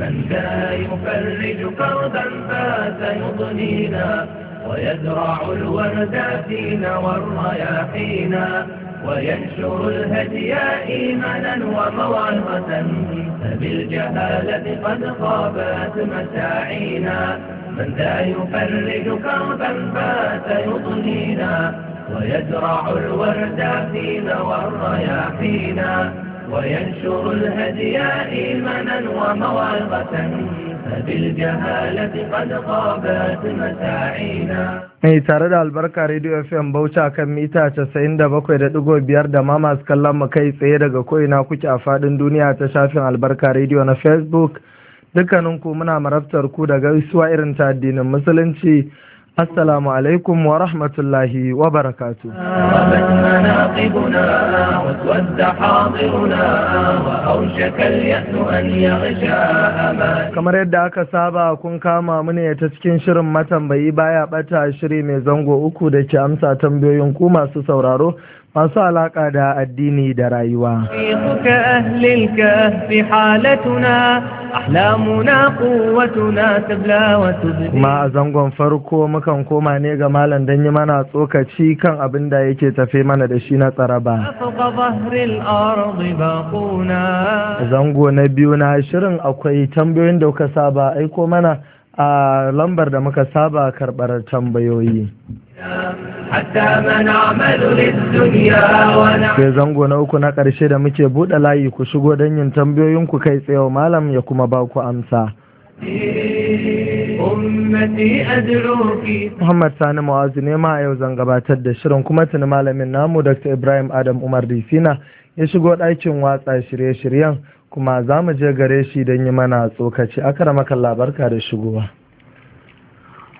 من ذا يفرج كربا فات يضنينا ويزرع الورد فينا والرياحينا وينشر الهدياء إيمانا وموعظة فبالجهالة قد خابت مساعينا من ذا يفرج كربا فات يضنينا ويزرع الورد فينا والرياحينا وينشر الهدي إيمانا وموعظة mai tare da albarka radio fm Bauchi kan mita 97.5 da ma masu kallon mu kai tsaye daga ko'ina kuke a fadin duniya ta shafin albarka radio na facebook dukkaninku muna marabtar ku daga gaisuwa irin ta addinin musulunci assalamu alaikum wa rahmatullahi wa barakatu kamar yadda aka saba kun kama mune ta cikin shirin matambayi baya bata shiri mai zango uku da ke amsa tambayoyin ku masu sauraro masu alaƙa da addini da rayuwa. Kuma a zangon farko mukan koma ne ga malam don yi mana tsokaci kan abin da yake tafe mana da shi na tsaraba. Zango na biyu na shirin akwai tambayoyin da kuka saba aiko mana a lambar da muka saba karɓar tambayoyi. sai zango na uku na ƙarshe da muke buɗe layi ku shigo don yin ku kai tsaye malam ya kuma ba ku amsa Muhammad Sani Mu'azu ne ma yau zan gabatar da shirin kuma tuni malamin namu Dr. Ibrahim Adam Umar Disina ya shigo ɗakin watsa shirye-shiryen kuma za mu je gare shi don yi mana tsokaci aka makalla labarka da shigowa.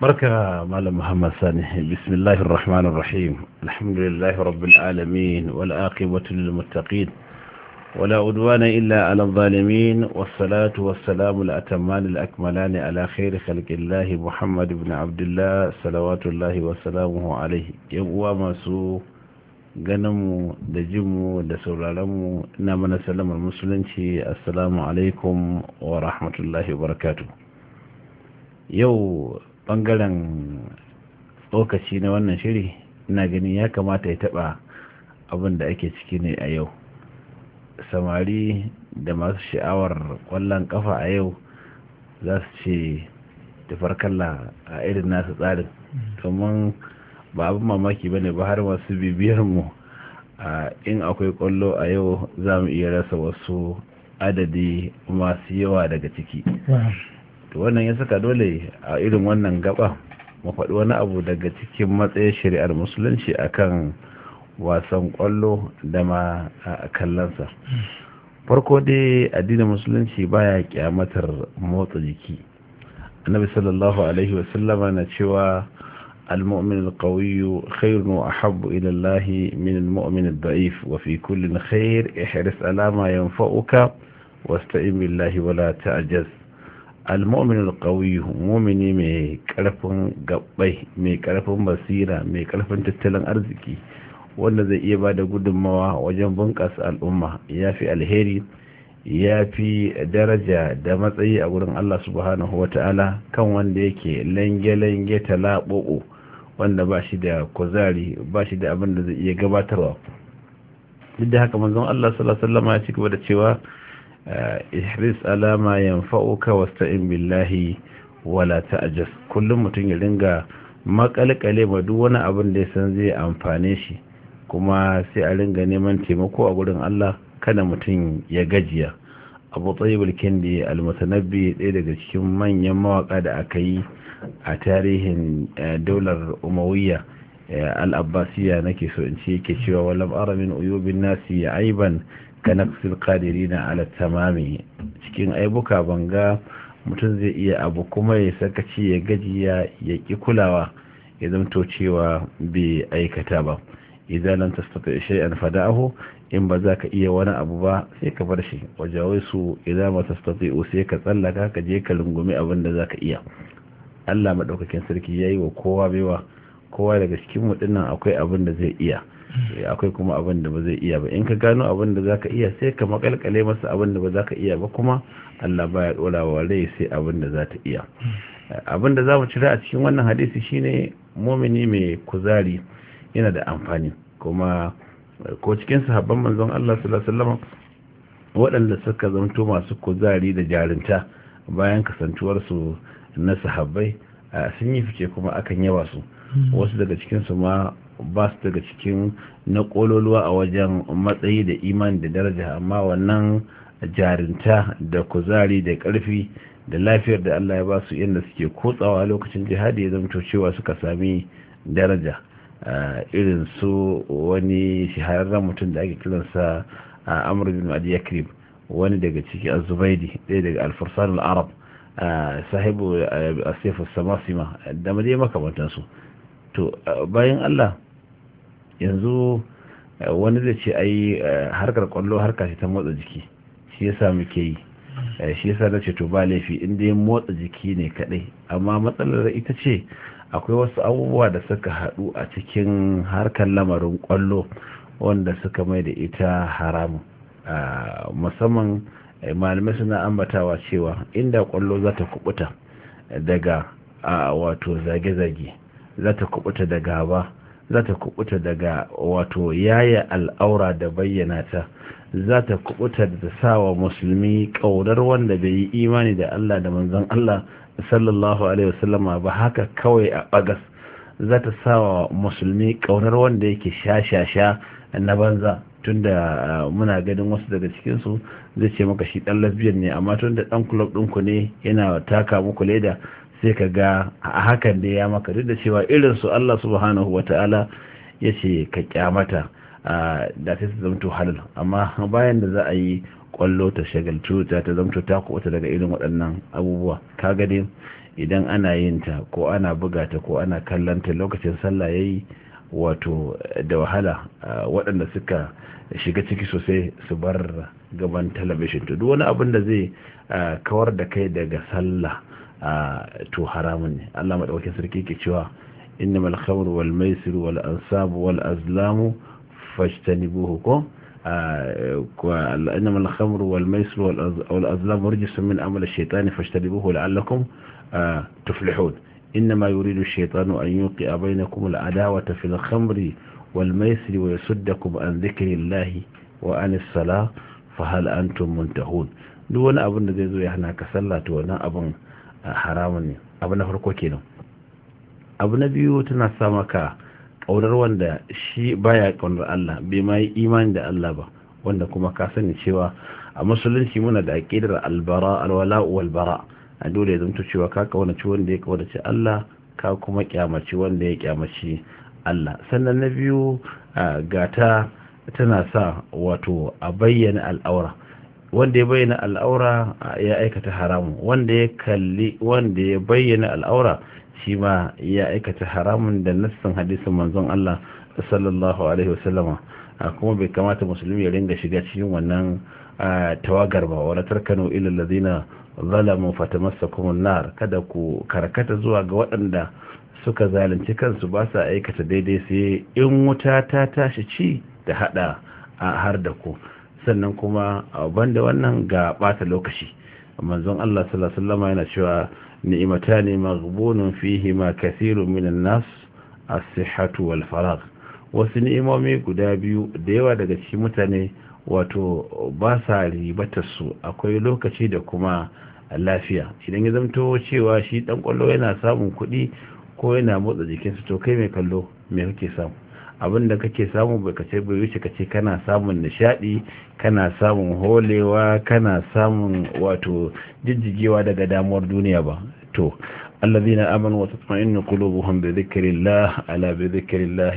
Barka! maalam maxamed sani bismi illaahi araxmaan araxiim alxamdu lilaahi rabi alcaalamiin walaaqibatu lilmuttaqiin walaa cudwaana ilaa cala alzaalimiin wasalaatu wasalaamu alatamaani alakmalaani calaa khayri khalqi illaahi muxamed bni cabdillah salawaatu llaahi wasalaamuhu calayhi yom uwaamaasu ganamu dajimu dasowlaalamu inaamana salam almuslinci assalaamu bangaren lokaci na wannan shiri ina ganin ya kamata ya taba abin da ake ciki ne a yau samari da masu sha'awar kwallon kafa a yau za su ce kalla a irin nasu tsarin domin ba abin mamaki ba ne ba har masu bibiyar mu in akwai kwallo a yau za mu iya rasa wasu adadi masu yawa daga ciki to wannan ya saka dole a irin wannan gaba faɗi wani abu daga cikin matsayin shari'ar musulunci akan wasan kwallo da ma a kallonsa farko dai addinin musulunci baya kyamatar motsa jiki annabi sallallahu alaihi wasallama na cewa المؤمن القوي خير وأحب إلى الله من المؤمن الضعيف وفي كل خير احرص على ما ينفعك واستعن بالله ولا تعجز almomin ƙauyi mumini mai ƙarfin gabbai mai ƙarfin basira mai ƙarfin tattalin arziki wanda zai iya ba da gudunmawa wajen bunƙasa al'umma ya fi alheri ya fi daraja da matsayi a gurin allah subhanahu wa ta'ala kan wanda yake lange-lange talaɓo'o wanda ba shi da kuzari ba shi da abin da zai iya gabatarwa duk da haka manzon allah sallallahu alaihi wasallam ya ci gaba da cewa Eh, ihris alama yanfa'uka wasta'in billahi wala ta'jas kullum mutum ya ringa makalkale ba duk wani abin da ya san zai amfane shi kuma sai a ringa neman taimako a gurin Allah kada mutum ya gajiya abu tsayibul kendi almutanabbi ɗaya daga cikin manyan mawaka da aka yi a tarihin eh, daular al eh, al'abbasiya nake so in ce yake cewa walam aramin uyubin nasi ya aiban ka kadiri na na tamami cikin aibuka banga mutum zai iya abu kuma ya ce ya gajiya ya ki kulawa ya zamto cewa bai aikata ba idan lam tastati fada aho in ba za ka iya wani abu ba sai ka bar shi wajawai su idan ma tastati'u sai ka tsallaka ka je ka lungumi abin da za ka iya Allah maɗaukakin sarki ya yi wa kowa baiwa kowa daga cikin mu dinnan akwai abin da zai iya Eh, akwai kuma abin da ba zai iya ba in ka gano abin da zaka iya sai ka makalkale masa abin da ba zaka iya ba kuma Allah baya dora wa rai sai abin da za ta iya eh, abin da mu cira a cikin wannan hadisi shine mumini mai kuzari yana da amfani kuma eh, ko cikin sahabban manzon Allah sallallahu alaihi wasallam waɗanda suka zanto masu kuzari da jarinta bayan kasantuwar su na sahabbai sun yi fice kuma akan yawa su wasu daga cikinsu ma ba su daga cikin na kololuwa a wajen matsayi da iman da daraja amma wannan jarinta da kuzari da karfi da lafiyar da Allah ya ba su yadda suke kotsawa lokacin jihadi ya zama cewa suka sami daraja irin su wani shahararren mutum da ake kiransa a amur bin adi wani daga ciki a zubaidi ɗaya daga alfarsanul arab sahibu asifus samasima da madai makamantansu to bayan Allah yanzu wani zai ce ai harkar kwallo harka ce ta motsa jiki shi yasa muke yi shi yasa na ce to ba laifi inda ya motsa jiki ne kadai amma matsalar ita ce akwai wasu abubuwa da suka haɗu a cikin harkar lamarin kwallo wanda suka mai da ita haramu musamman malamai suna ambatawa cewa inda kwallo za ta kubuta daga wato zage-zage za ta kubuta daga ba za ta kubuta daga wato yaya al'aura da bayyana ta za ta kubuta da sawa musulmi ƙaunar wanda bai yi imani da Allah da manzon Allah sallallahu alaihi wasallama ba haka kawai a bagas za ta wa musulmi ƙaunar wanda yake sha sha na banza tunda ah, muna ganin wasu daga cikin su zai ce maka shi dan lesbian ne amma tunda ɗan kulob ɗinku ne yana taka muku leda sai ka ga a hakan da ya maka duk da cewa irin su Allah subhanahu wata'ala ya ce ka kyamata da sai su zamto halal amma bayan da za a yi kwallo ta shagaltu ta ta zamto ta kuɓuta daga irin waɗannan abubuwa ka gani idan ana yin ta ko ana buga ta ko ana kallon ta lokacin sallah ya yi wato da wahala waɗanda suka shiga ciki sosai su bar gaban talabishin to duk wani abin da zai kawar da kai daga sallah to haramun ne Allah maɗaukin sarki ke cewa inna malkhamar wal maisir wal ansabu wal azlamu fashtani buhu ko inna malkhamar wal wal azlamu rijisun min amala shaitani fashtani buhu la'allakum tuflihun inna ma yuridu shaitanu an yuqi a bayna kuma adawata fil khamri wal maisir wa yasuddakum an zikri llahi wa an sala fa hal antum muntahun duk wani abun da zai zo ya hana ka sallah to wannan abin haramun ne abu na farko kenan abu na biyu tana sa maka ƙaunar wanda shi baya ƙaunar Allah bai ma yi imani da Allah ba wanda kuma ka sani cewa a musulunci muna da aƙidar albara alwala walbara a dole zan zanto cewa ka kaunaci wanda ya kaunaci Allah ka kuma kyamaci wanda ya kyamaci Allah sannan na biyu gata tana sa wato a bayyana al'aura wanda ya bayyana al'aura ya aikata haramun wanda ya kalli wanda ya bayyana al'aura shi ma ya aikata haramun da nassan hadisin manzon Allah sallallahu alaihi wasallama kuma bai kamata musulmi ya ringa shiga cikin wannan tawagar ba wala tarkanu ila ladina zalamu fatamassakum nar kada ku karkata zuwa ga waɗanda suka zalunci kansu ba sa aikata daidai sai in wuta ta tashi ci da hada har da ku sannan kuma ah, banda wannan ga bata lokaci manzon Allah sallallahu alaihi wasallam yana cewa ni'matani maghbunun fihi ma kathirun minan nas as-sihhatu wal faragh wasu ni'imomi guda biyu da yawa daga cikin mutane wato ba sa ribatar su akwai lokaci da kuma lafiya idan ya zamto cewa shi dan kwallo yana samun kuɗi ko yana motsa jikinsa to kai mai kallo me kake samu abin da kake samu bai kace bai wuce kace kana samun nishadi kana samun holewa kana samun wato jijjigewa daga damuwar duniya ba to allazina amanu wa tatma'innu qulubuhum bi dhikrillah ala bi dhikrillah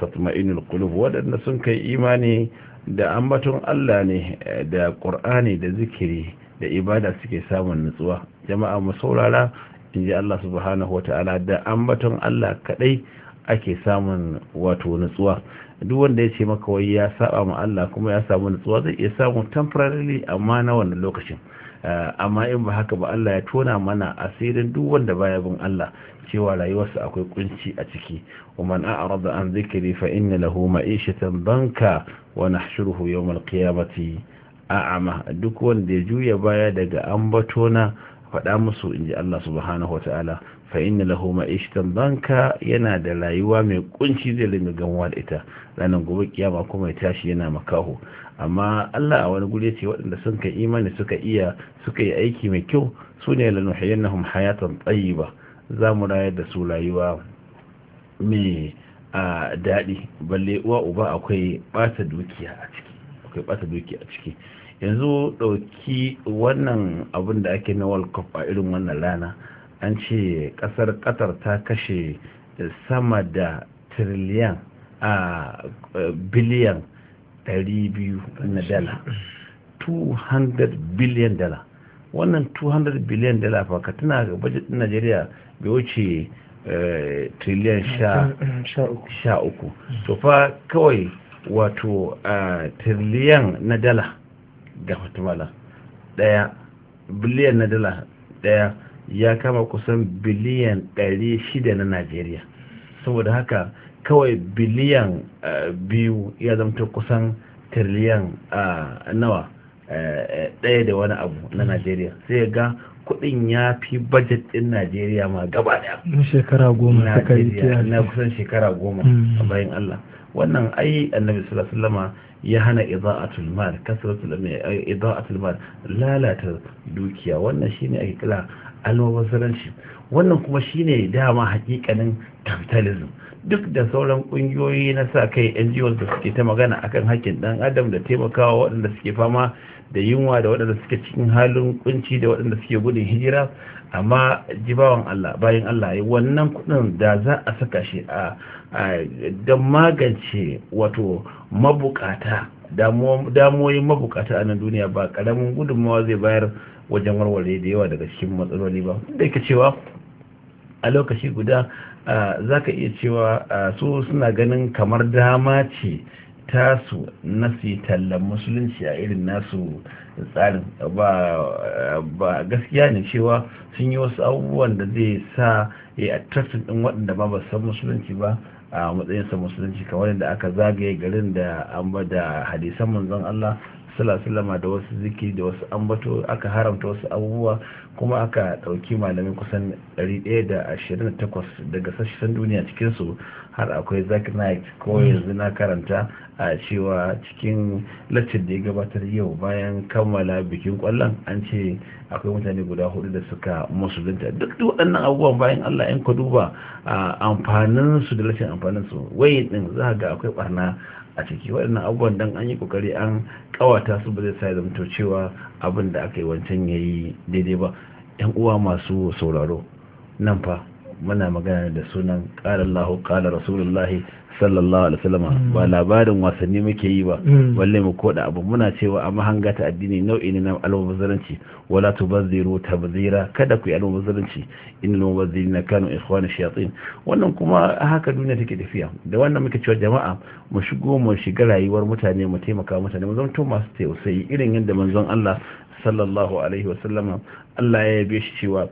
tatma'innu alqulub wadanda sun kai imani da ambaton Allah ne da Qur'ani da zikiri da ibada suke samun nutsuwa jama'a mu saurara inji Allah subhanahu wa ta'ala da ambaton Allah kadai ake samun wato nutsuwa duk wanda ya ce maka wai ya saba ma Allah kuma ya samu nutsuwa zai iya samu temporarily amma na wannan lokacin eh, amma in ba haka ba Allah ya tona mana asirin duk wanda baya bin Allah cewa rayuwarsa akwai kunci a ciki ومن أعرض عن ذكري فإن له معيشة ضنكا ونحشره يوم القيامة أعمى duk wanda ya juya baya daga ambatona faɗa musu inji Allah subhanahu wa fa inna lahu ma'ishatan banka yana da rayuwa mai kunci zai ringa gamuwa da ita ranar gobe kiyama kuma ya tashi yana makaho amma Allah a wani guri ce waɗanda sun ka imani suka iya suka yi aiki mai kyau su ne lanuhiyannahum hayatan tayyiba za mu rayar da su rayuwa mai a daɗi balle uwa uba akwai ɓata dukiya a ciki akwai ɓata dukiya a ciki yanzu ɗauki wannan abin da ake na world cup a irin wannan rana an ce kasar qatar ta kashe sama da tiriliyan a biliyan 200 na dala 200 biliyan dala wannan 200 biliyan dala fa ka tana ga budget din Najeriya bai wuce eh, triliyan sha uku to fa kawai wato triliyan na dala ga Guatemala daya biliyan na dala daya ya kama kusan biliyan 600 na najeriya saboda haka kawai biliyan eh, biyu ya zamta kusan tiriliyan eh, nawa eh, ɗaya da wani abu na najeriya sai ga kuɗin ya fi bajet ɗin najeriya ma gaba na shekara goma na kusan shekara goma hmm. a bayan allah wannan ai annabi sallallahu alaihi ya hana ida'atul mal kasratul mal lalata dukiya wannan shine ake kila almabasaranci wannan kuma shine dama hakikanin capitalism duk da sauran kungiyoyi na sa kai NGOs da suke ta magana akan hakkin dan adam da taimakawa waɗanda suke fama da yunwa da waɗanda suke cikin halin kunci da waɗanda suke gudun hijira amma jibawan Allah bayan Allah ya wannan kudin da za a saka shi a don magance wato mabukata damuwoyin mabukata a nan duniya ba karamin gudunmawa zai bayar wajen warware da yawa daga cikin matsaloli ba da ka cewa a lokaci guda za ka iya cewa su suna ganin kamar dama ce tasu su nasi tallan musulunci a irin nasu tsarin ba gaskiya ne cewa sun yi wasu abubuwan da zai sa ya attractin din waɗanda ba ba san musulunci ba a matsayinsa musulunci kamar da aka zagaye garin da an ba da hadisan manzon Allah salasalama da wasu ziki da wasu ambato aka haramta wasu abubuwa kuma aka ɗauki malamai kusan 128 daga sashen duniya cikinsu har akwai zack knight ko mm. yanzu na karanta a cewa cikin lacin da ya gabatar yau bayan kammala bikin kwallon an ce akwai mutane guda hudu da suka musulunta duk da waɗannan abubuwan bayan allah yan ka duba amfanin su da lattin amfanin su wai din za ga akwai barna a ciki waɗannan abubuwan don an yi ƙoƙari an ƙawata su ba zai sa zamto cewa abin da aka yi wancan ya yi daidai ba yan uwa masu sauraro nan fa muna magana da sunan lahu ƙarar rasulullahi sallallahu alaihi wasallam ba mm. labarin wasanni muke yi ba walle mm. mu koda abu muna cewa a mahanga ta addini nau'i ne na almubazzaranci wala tubazziru tabzira kada ku yi almubazzaranci innal mubazzirina kanu ikhwana shayatin wannan kuma haka duniya take tafiya da wannan muke cewa jama'a mu shigo mu shiga rayuwar mutane mu taimaka mutane mu zama masu tausayi irin yadda manzon Allah sallallahu alaihi wasallam Allah ya yabe shi cewa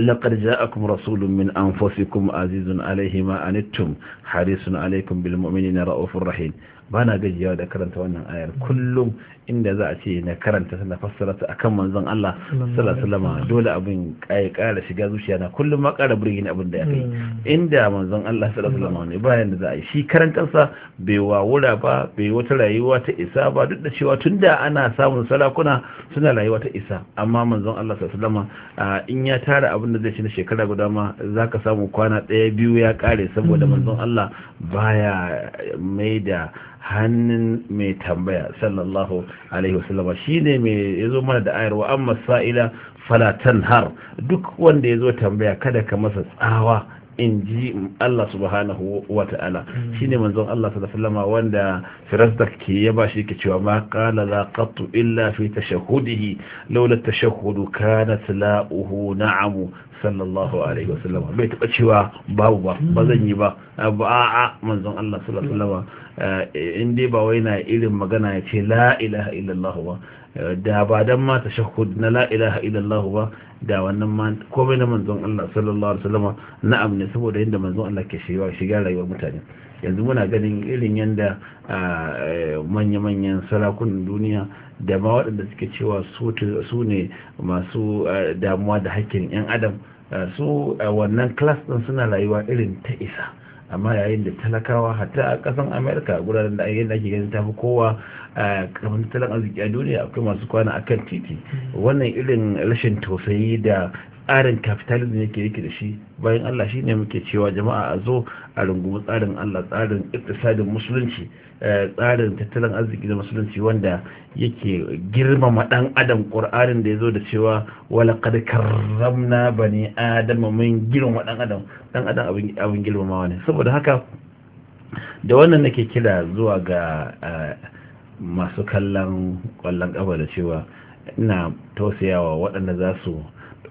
laqad ja'akum rasulun min anfusikum azizun alayhi ma anittum harisun alaykum bil mu'minina ra'ufur rahim bana gajiya da karanta wannan ayar kullum inda za a ce na karanta na fassara ta akan manzon Allah sallallahu dole abin kai kara shiga zuciya na kullum ma kara burgin abin da ya kai hmm. inda manzon Allah sallallahu ne bayan da za a yi shi sa bai wa wura ba bai wata rayuwa ta isa ba duk da cewa tunda ana samun salakuna suna rayuwa ta isa amma manzon Allah sallallahu in ya tara abin da zai ci na shekara guda ma zaka samu kwana ɗaya biyu ya kare saboda hmm. manzon Allah baya mai da hannun mai tambaya sallallahu alaihi wasallam shine mai yazo mana da ayar wa amma sa'ila fala tanhar duk wanda yazo tambaya kada ka masa tsawa in ji Allah subhanahu wa ta'ala hmm. shine manzon Allah sallallahu wanda firasta ke ya bashi ke cewa ma qala la qattu illa fi tashahudihi laula tashahudu kanat la'uhu na'amu sallallahu alaihi sallama bai taba cewa babu ba ba zan yi ba a a manzon Allah sallallahu alaihi sallama eh, in dai ba wai na irin magana ya ce la ilaha illallah ba eh, da ba dan ma ta shakku na la ilaha illallah ba da wannan ma komai na manzon Allah sallallahu alaihi sallama na'am ne saboda yadda manzon Allah ke shiga shiga rayuwar mutane yanzu muna ganin irin yanda ah, eh, manya-manyan sarakunan duniya da ma waɗanda suke cewa su ne masu damuwa da hakkin 'yan adam Eh, su a eh, wannan class din suna rayuwa irin ta isa amma yayin da talakawa hatta a kasan america guraren da ayyana ke ganin tafi kowa a kamar talan arziki a duniya akwai masu kwana a kan titi hmm. wannan irin rashin tausayi da tsarin capitalism yake yake da shi bayan Allah shi ne muke cewa jama'a a zo a rungumi tsarin Allah tsarin iktisadin musulunci eh, tsarin tattalin arziki da musulunci wanda yake girmama dan adam qur'anin da zo da cewa wala qad karramna bani adama mun girmama dan adam dan adam abin girmama girmamawa ne saboda haka da wannan nake kira zuwa ga eh, masu kallon kwallon kafa da cewa ina tausayawa waɗanda za su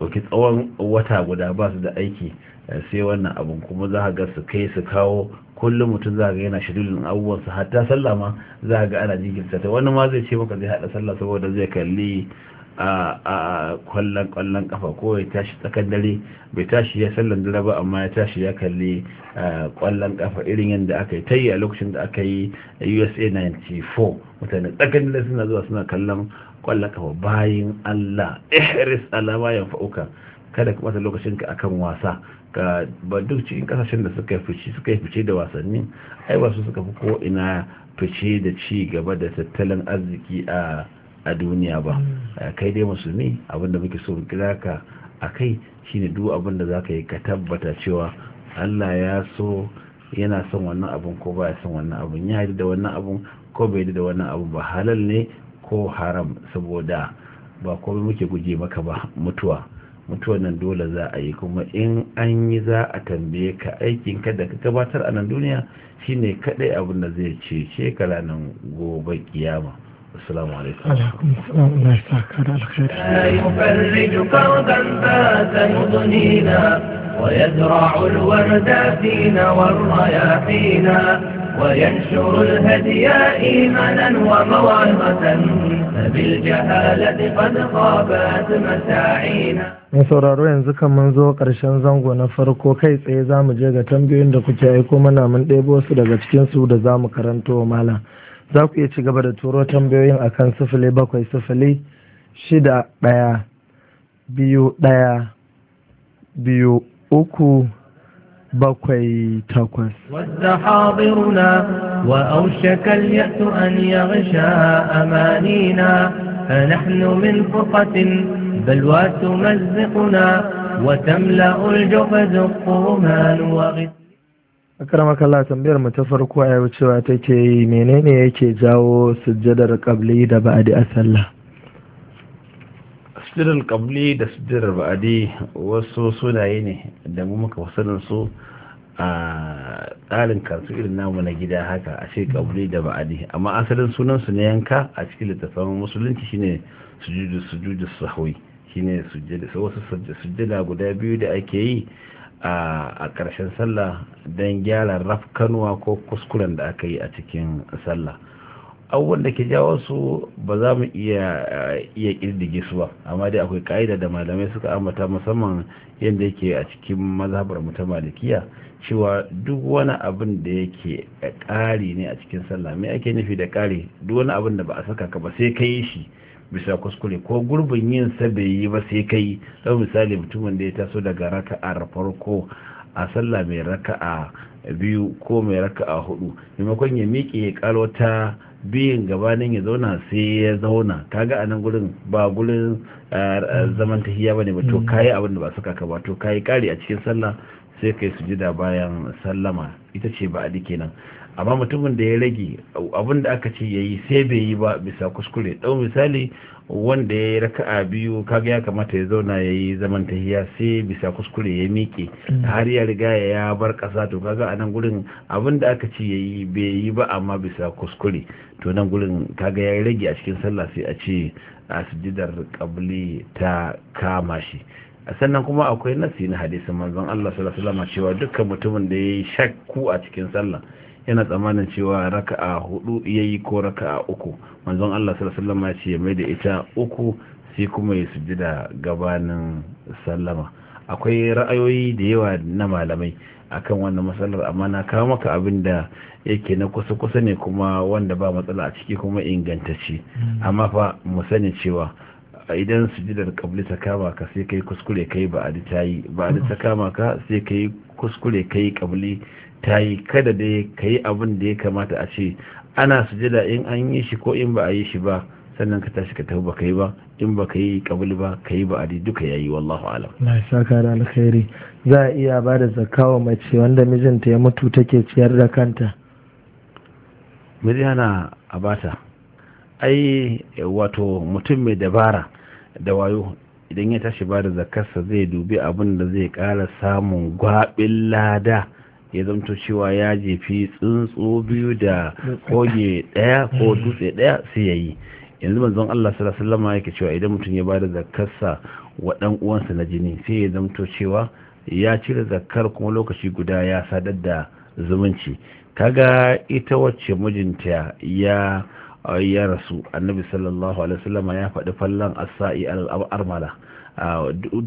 ɗauki tsawon wata guda ba su da aiki eh, sai wannan abin kuma za ga su kai su kawo kullum mutum za ga yana shidulin abubuwansa hatta sallah ma za ga ana jinkirta ta wani ma zai ce maka zai haɗa sallah saboda zai kalli a kwallon kwallon kafa ko ya tashi tsakan dare bai tashi ya sallan dare ba amma ya tashi ya kalli kwallon kafa irin yadda aka yi tayi a lokacin da aka yi usa 94 mutane tsakan dare suna zuwa suna kallon kwallaka wa bayin Allah ihris alama ya fa'uka kada ka bata ka akan wasa ka ba duk cikin kasashen da suka fice suka fice da wasanni ai ba su suka fi ko ina fice da ci gaba da tattalin arziki a a duniya ba mm. kai dai musulmi abinda muke so kira ka a kai shine duk abin da zaka yi ka tabbata cewa Allah ya so yana son wannan abun ko ba ya son wannan abun ya yi da wannan abun ko bai da wannan abun ba halal ne ko haram saboda ba komai muke guje maka ba mutuwa mutuwa nan dole za a yi kuma in an yi za a tambaye ka aikin ka da ka gabatar a nan duniya shine kadai abin da zai ce shekara nan gobe kiyama السلام عليكم عليكم السلام الله يسعدك على الخير لا يفرج كربا بات يضنينا ويزرع الورد فينا والرياحينا وينشر الهدي إيمانا وموعظة فبالجهالة قد خابت مساعينا mai sauraro yanzu kan mun zo ƙarshen zango na farko kai tsaye za mu je ga tambayoyin da kuke aiko mana mun ɗebo su daga cikinsu da za mu karanto malam za ku iya ci gaba da turo tambayoyin akan sufuli bakwai sufuli shida ɗaya biyu ɗaya biyu uku بقي تاكوس ود حاضرنا وأوشك اليأس أن يغشى أمانينا فنحن من فرقه بل تمزقنا وتملأ الجحد الطرمان وغث akaramaka la tambayar mu ta farko a yau cewa take yi menene yake jawo sujjadar qabli da ba'di a sallah sujjadar qabli da sujjadar ba'di wasu sunaye ne da mu muka sanin su a tsarin karatu irin namu na gida haka a ce qabli da ba'di amma asalin sunan su ne yanka a cikin littafin musulunci shine sujudu sujudu sahwi shine sujjada wasu sujjada guda biyu da ake yi a ƙarshen sallah don gyara rafkanuwa ko kuskuren da aka yi a cikin sallah abubuwan da ke jawo su ba za mu iya iya kirdige su ba amma dai akwai ka'ida da malamai suka ambata musamman yadda yake a cikin mazhabar ta malikiya cewa duk wani abin da yake ƙari ne a cikin sallah me ake nufi da ƙari duk wani abin da ba a saka ka ba sai ka yi shi bisa kuskure ko gurbin yin sa bai yi ba sai kai don misali mutumin da ya taso daga raka'ar farko a sallah mai raka'a biyu ko mai raka'a hudu maimakon ya miƙe ya karo ta biyun gabanin ya zauna sai ya zauna kaga a nan gurin ba gurin zaman tahiya bane ba to mm. kayi abin da ba suka ka ba to kayi kare a cikin sallah sai kai sujida bayan sallama ita ce ba a kenan amma mutumin da ya rage abin da aka ce yayi sai bai yi ba bisa kuskure ɗau misali wanda ya yi raka'a biyu kaga ya kamata ya zauna ya yi zaman tahiya sai bisa kuskure ya miƙe mm. har ya riga ya bar ƙasa to kaga a nan gurin abin da aka ce ya bai yi ba amma bisa kuskure to nan gurin kaga ya rage a cikin sallah sai a ce a sujidar ta kama shi sannan kuma akwai nasi na hadisi manzon Allah sallallahu alaihi wasallam cewa dukkan mutumin da ya yi shakku a cikin sallah yana tsammanin cewa raka'a hudu yayi ko raka'a uku manzon Allah sallallahu alaihi ce mai da ita uku sai kuma ya sujjada gabanin sallama akwai ra'ayoyi da yawa na malamai akan wannan matsalar amma na kawo maka abin da yake na kusa-kusa ne kuma wanda ba matsala a ciki kuma ingantacce hmm. amma fa mu sani cewa idan sujidar kabli ta kama ka sai kai kuskure kai ba a ta yi ba a ta kama ka sai kai kuskure kai kabli ta yi kada da ka yi abin da ya kamata a ce ana sujada in an yi shi ko in ba a yi shi ba sannan ka tashi ka tafi ka yi ba in ba ka yi kabul ba ka yi ba a duka yayi wallahu alam na saka da alkhairi za a iya ba da zakawa mace wanda mijinta ya mutu take ciyar da kanta miliyana a bata ai wato mutum mai dabara da wayo idan ya tashi ba da zakarsa zai dubi abin da zai kara samun gwabin lada ya zamto cewa ya jefi tsuntsu biyu da koge daya ko dutse daya sai ya yi yanzu manzon Allah sallallahu alaihi wasallam yake cewa idan mutum ya bada zakarsa wa dan uwansa na jini sai ya zamto cewa ya cire zakar kuma lokaci guda ya sadar da zumunci kaga ita wacce mijinta ya ya rasu annabi sallallahu alaihi wasallam ya faɗi fallan asa'i al-armala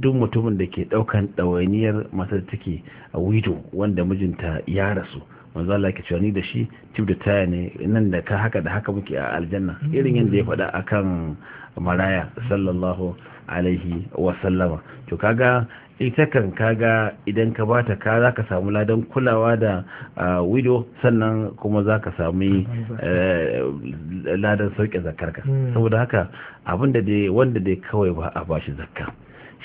duk mutumin da ke daukan ɗawainiyar matar take a wido wanda mijinta ya rasu manzo Allah ke cewa ni da shi tib da taya ne nan da ka haka da haka muke a aljanna irin yadda ya faɗa akan maraya sallallahu alaihi wa sallama to kaga ita kan kaga idan ka bata ka za ka samu ladan kulawa da widow sannan kuma za ka sami ladan eh, sauke zakarka hmm. saboda haka abin da dai wanda dai kawai ba a bashi zakka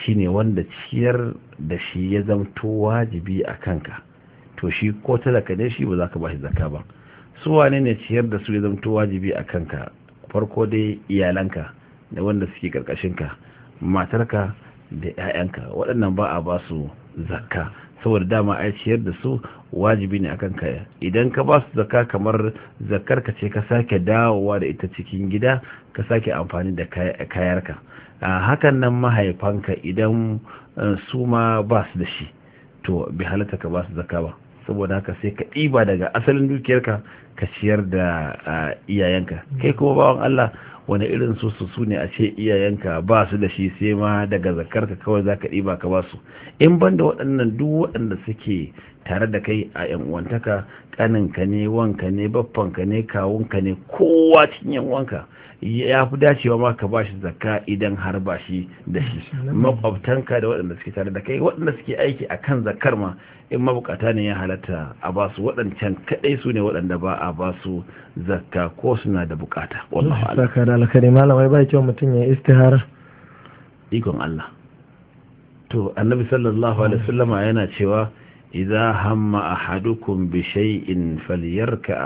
shine wanda ciyar da shi ya zamto wajibi a kanka to shi ko talaka ne shi ba za ka bashi zakka ba su wane ne ciyar da su ya zamto wajibi a kanka farko dai iyalanka da wanda suke karkashinka matarka da 'ya'yanka waɗannan ba a ba su zakka saboda dama a ciyar da su wajibi ne akan kaya idan ka ba su zakka kamar zakkar ka ce ka sake dawowa da ita cikin gida ka sake amfani da kayarka a hakan nan mahaifanka idan eh, su ma ba su da shi to bai halatta ka ba su zakka ba saboda haka sai ka ɗiba daga asalin dukiyarka ka ciyar da eh, iyayenka kai kuma bawan Allah wani irin su su su ne a ce iyayenka ba su da shi sai ma daga zakarka kawai za ka ɗiba ka ba su in ban da waɗannan duk waɗanda suke tare da kai a yan uwantaka ƙaninka ne wanka ne baffanka ne kawunka ne kowa cikin yan uwanka ya fi dacewa ma ka bashi zakka idan har ba shi da shi makwabtanka da waɗanda suke tare da kai waɗanda suke aiki a kan zakkar ma in mabukata ne ya halatta a ba su waɗancan kaɗai su ne waɗanda ba a ba su zakka ko suna da bukata wallahi Allah saka da alkari malamai ba kyau mutum ya istihara ikon Allah to annabi sallallahu alaihi wasallama yana cewa hamma إذا هم أحدكم بشيء فليركع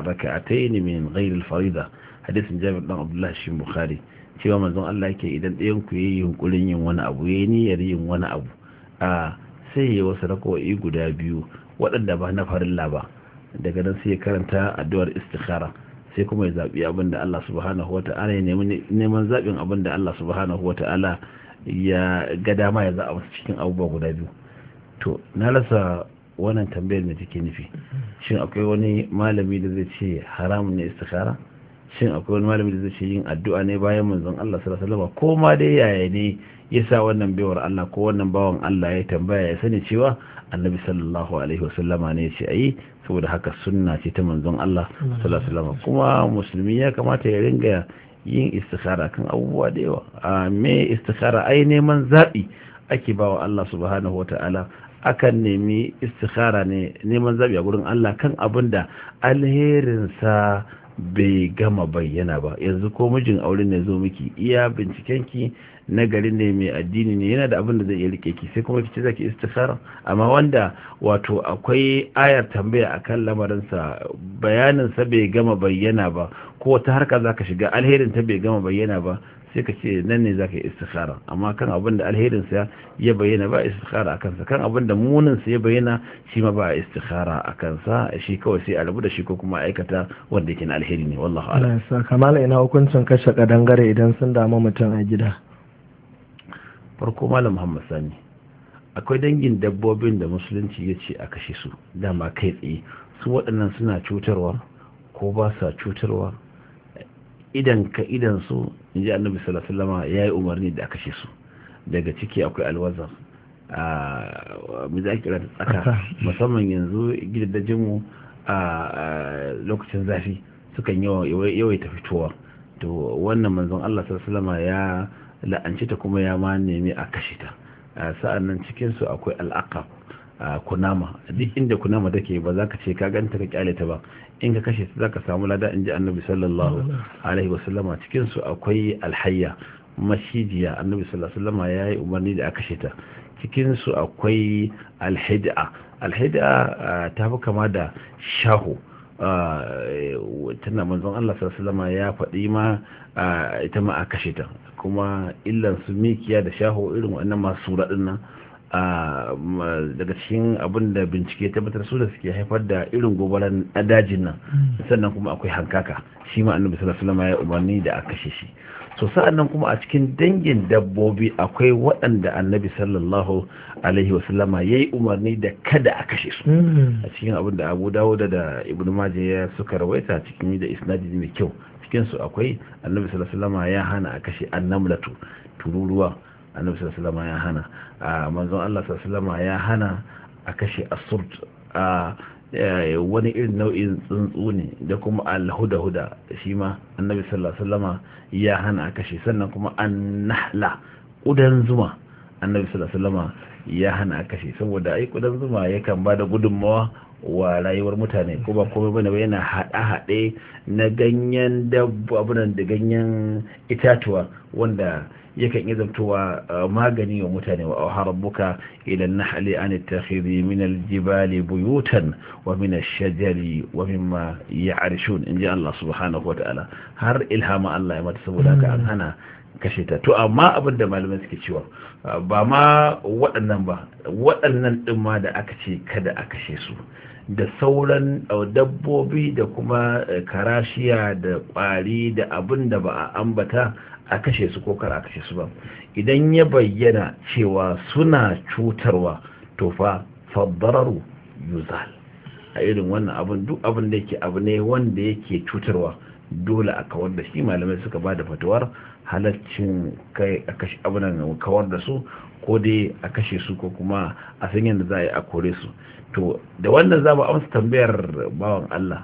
min من غير الفريضة hadisin jami'ar dan abdullahi shi bukari cewa manzon Allah yake idan ɗayan ku yi yunkurin yin wani abu ya yi niyyar yin wani abu a sai yi wasu rakowa'i guda biyu waɗanda ba na farilla ba daga nan sai ya karanta addu'ar istikhara sai kuma ya zabi abin da Allah subhanahu wata'ala ya neman zaɓin abin da Allah subhanahu wata'ala ya ga dama ya za a wasu cikin abubuwa guda biyu to na rasa wannan tambayar da take nufi shin akwai wani malami da zai ce haramun ne istikhara shin akwai wani malami da zai ce yin addu'a ne bayan manzon Allah sallallahu alaihi wasallam ko ma dai yaya ne yasa wannan baiwar Allah ko wannan bawan Allah ya tambaya ya sani cewa annabi sallallahu alaihi wasallama ne ya ce ayi saboda haka sunna ce ta manzon Allah sallallahu alaihi wasallama kuma musulmi ya kamata ya ringa yin istikhara kan abubuwa da yawa a me istikhara ai neman zabi ake bawa Allah subhanahu wataala akan nemi istikhara ne neman zabi a gurin Allah kan abinda alherinsa bai gama bayyana ba yanzu ko mijin aure ne zo miki iya binciken ki na gari ne mai addini ne yana da abin da zai iya rike ki sai kuma kici zaki istikhara amma wanda wato akwai ayar tambaya akan lamarinsa sa bayanin sa bai gama bayyana ba ko wata harka zaka shiga alherin ta bai gama bayyana ba sai ka ce nan ne za ka yi istikhara amma kan abin da alherinsa ya bayyana ba istikhara a kansa kan abin da muninsa ya bayyana shi ma ba istikhara a kansa shi kawai sai a da shi ko kuma aikata wanda yake na alheri ne wallahu ala kamala ina hukuncin kashe kadangare idan sun damu mutum a gida farko malam muhammad sani akwai dangin dabbobin da musulunci ya ce a kashe su dama kai tsaye su waɗannan suna cutarwa ko ba sa cutarwa idan ka idan su in ji annabi sallallahu ya yi umarni da aka su daga ciki akwai alwazar a za da tsaka musamman yanzu gidajen mu a lokacin zafi sukan yawaita fitowa to wannan manzon Allah sallallahu ya la'anci ta kuma ya ma nemi a kashe ta sa'annan cikin su akwai al'aqab kunama duk inda kunama take ba za ka ce ka ganta ka kyale ta ba in ka kashe ta za ka samu lada in ji annabi sallallahu alaihi wasallama cikin su akwai alhayya mashijiya annabi sallallahu alaihi wasallama ya yi umarni da a kashe ta cikin su akwai alhid'a alhid'a ta fi kama da shahu tana manzon Allah sallama ya faɗi ma ita ma a kashe ta kuma illan su mikiya da shahu irin wannan masu sura nan daga cikin abin da bincike tabbatar su da suke haifar da irin gobaran dajin nan hmm. sannan kuma akwai hankaka shi ma annabi sallallahu alaihi wasallam ya umarni da a kashe shi so sa'an kuma a cikin dangin dabbobi akwai waɗanda annabi sallallahu alaihi wasallama ya yi umarni da kada a kashe su hmm. a cikin abin da abu dawo da ibn maje ya suka rawaita cikin da isnadi mai kyau cikin su akwai annabi sallallahu alaihi wasallama ya hana a kashe annamlatu tururuwa annabi sallallahu ya hana a manzon Allah sallallahu ya hana a kashe asurt a wani irin nau'in tsuntsu ne da kuma alhuda-huda shi ma annabi sallallahu ya hana a kashe sannan kuma annahla kudan zuma annabi sallallahu ya hana a kashe saboda ai kudan zuma yakan ba da gudunmawa wa rayuwar mutane ko ba komai bane yana hada haɗe na ganyen abunan da ganyen itatuwa wanda yakan iya zamtowa magani wa mutane wa harabbuka ila nahli an tattakhidhi min aljibali buyutan wa min ash-shajari wa mimma ya'rishun inji Allah subhanahu wa ta'ala har ilhama Allah ya mata saboda ka an hana kashe ta to amma abin da malamai suke cewa ba ma waɗannan ba waɗannan din ma da aka ce kada a kashe su da sauran uh, dabbobi da kuma uh, karashiya da ƙwari da abin da ba a ambata a kashe su ko kar a kashe su ba idan ya bayyana cewa suna cutarwa to fa faddararu yuzal a irin wannan abin duk abin da yake abu ne wanda yake cutarwa dole a kawar da shi malamai suka ba da fatuwar halaccin kai a kashe abunan kawar da su ko dai a kashe su ko kuma a san yadda za a yi a kore su to da wannan za mu amsa tambayar bawan Allah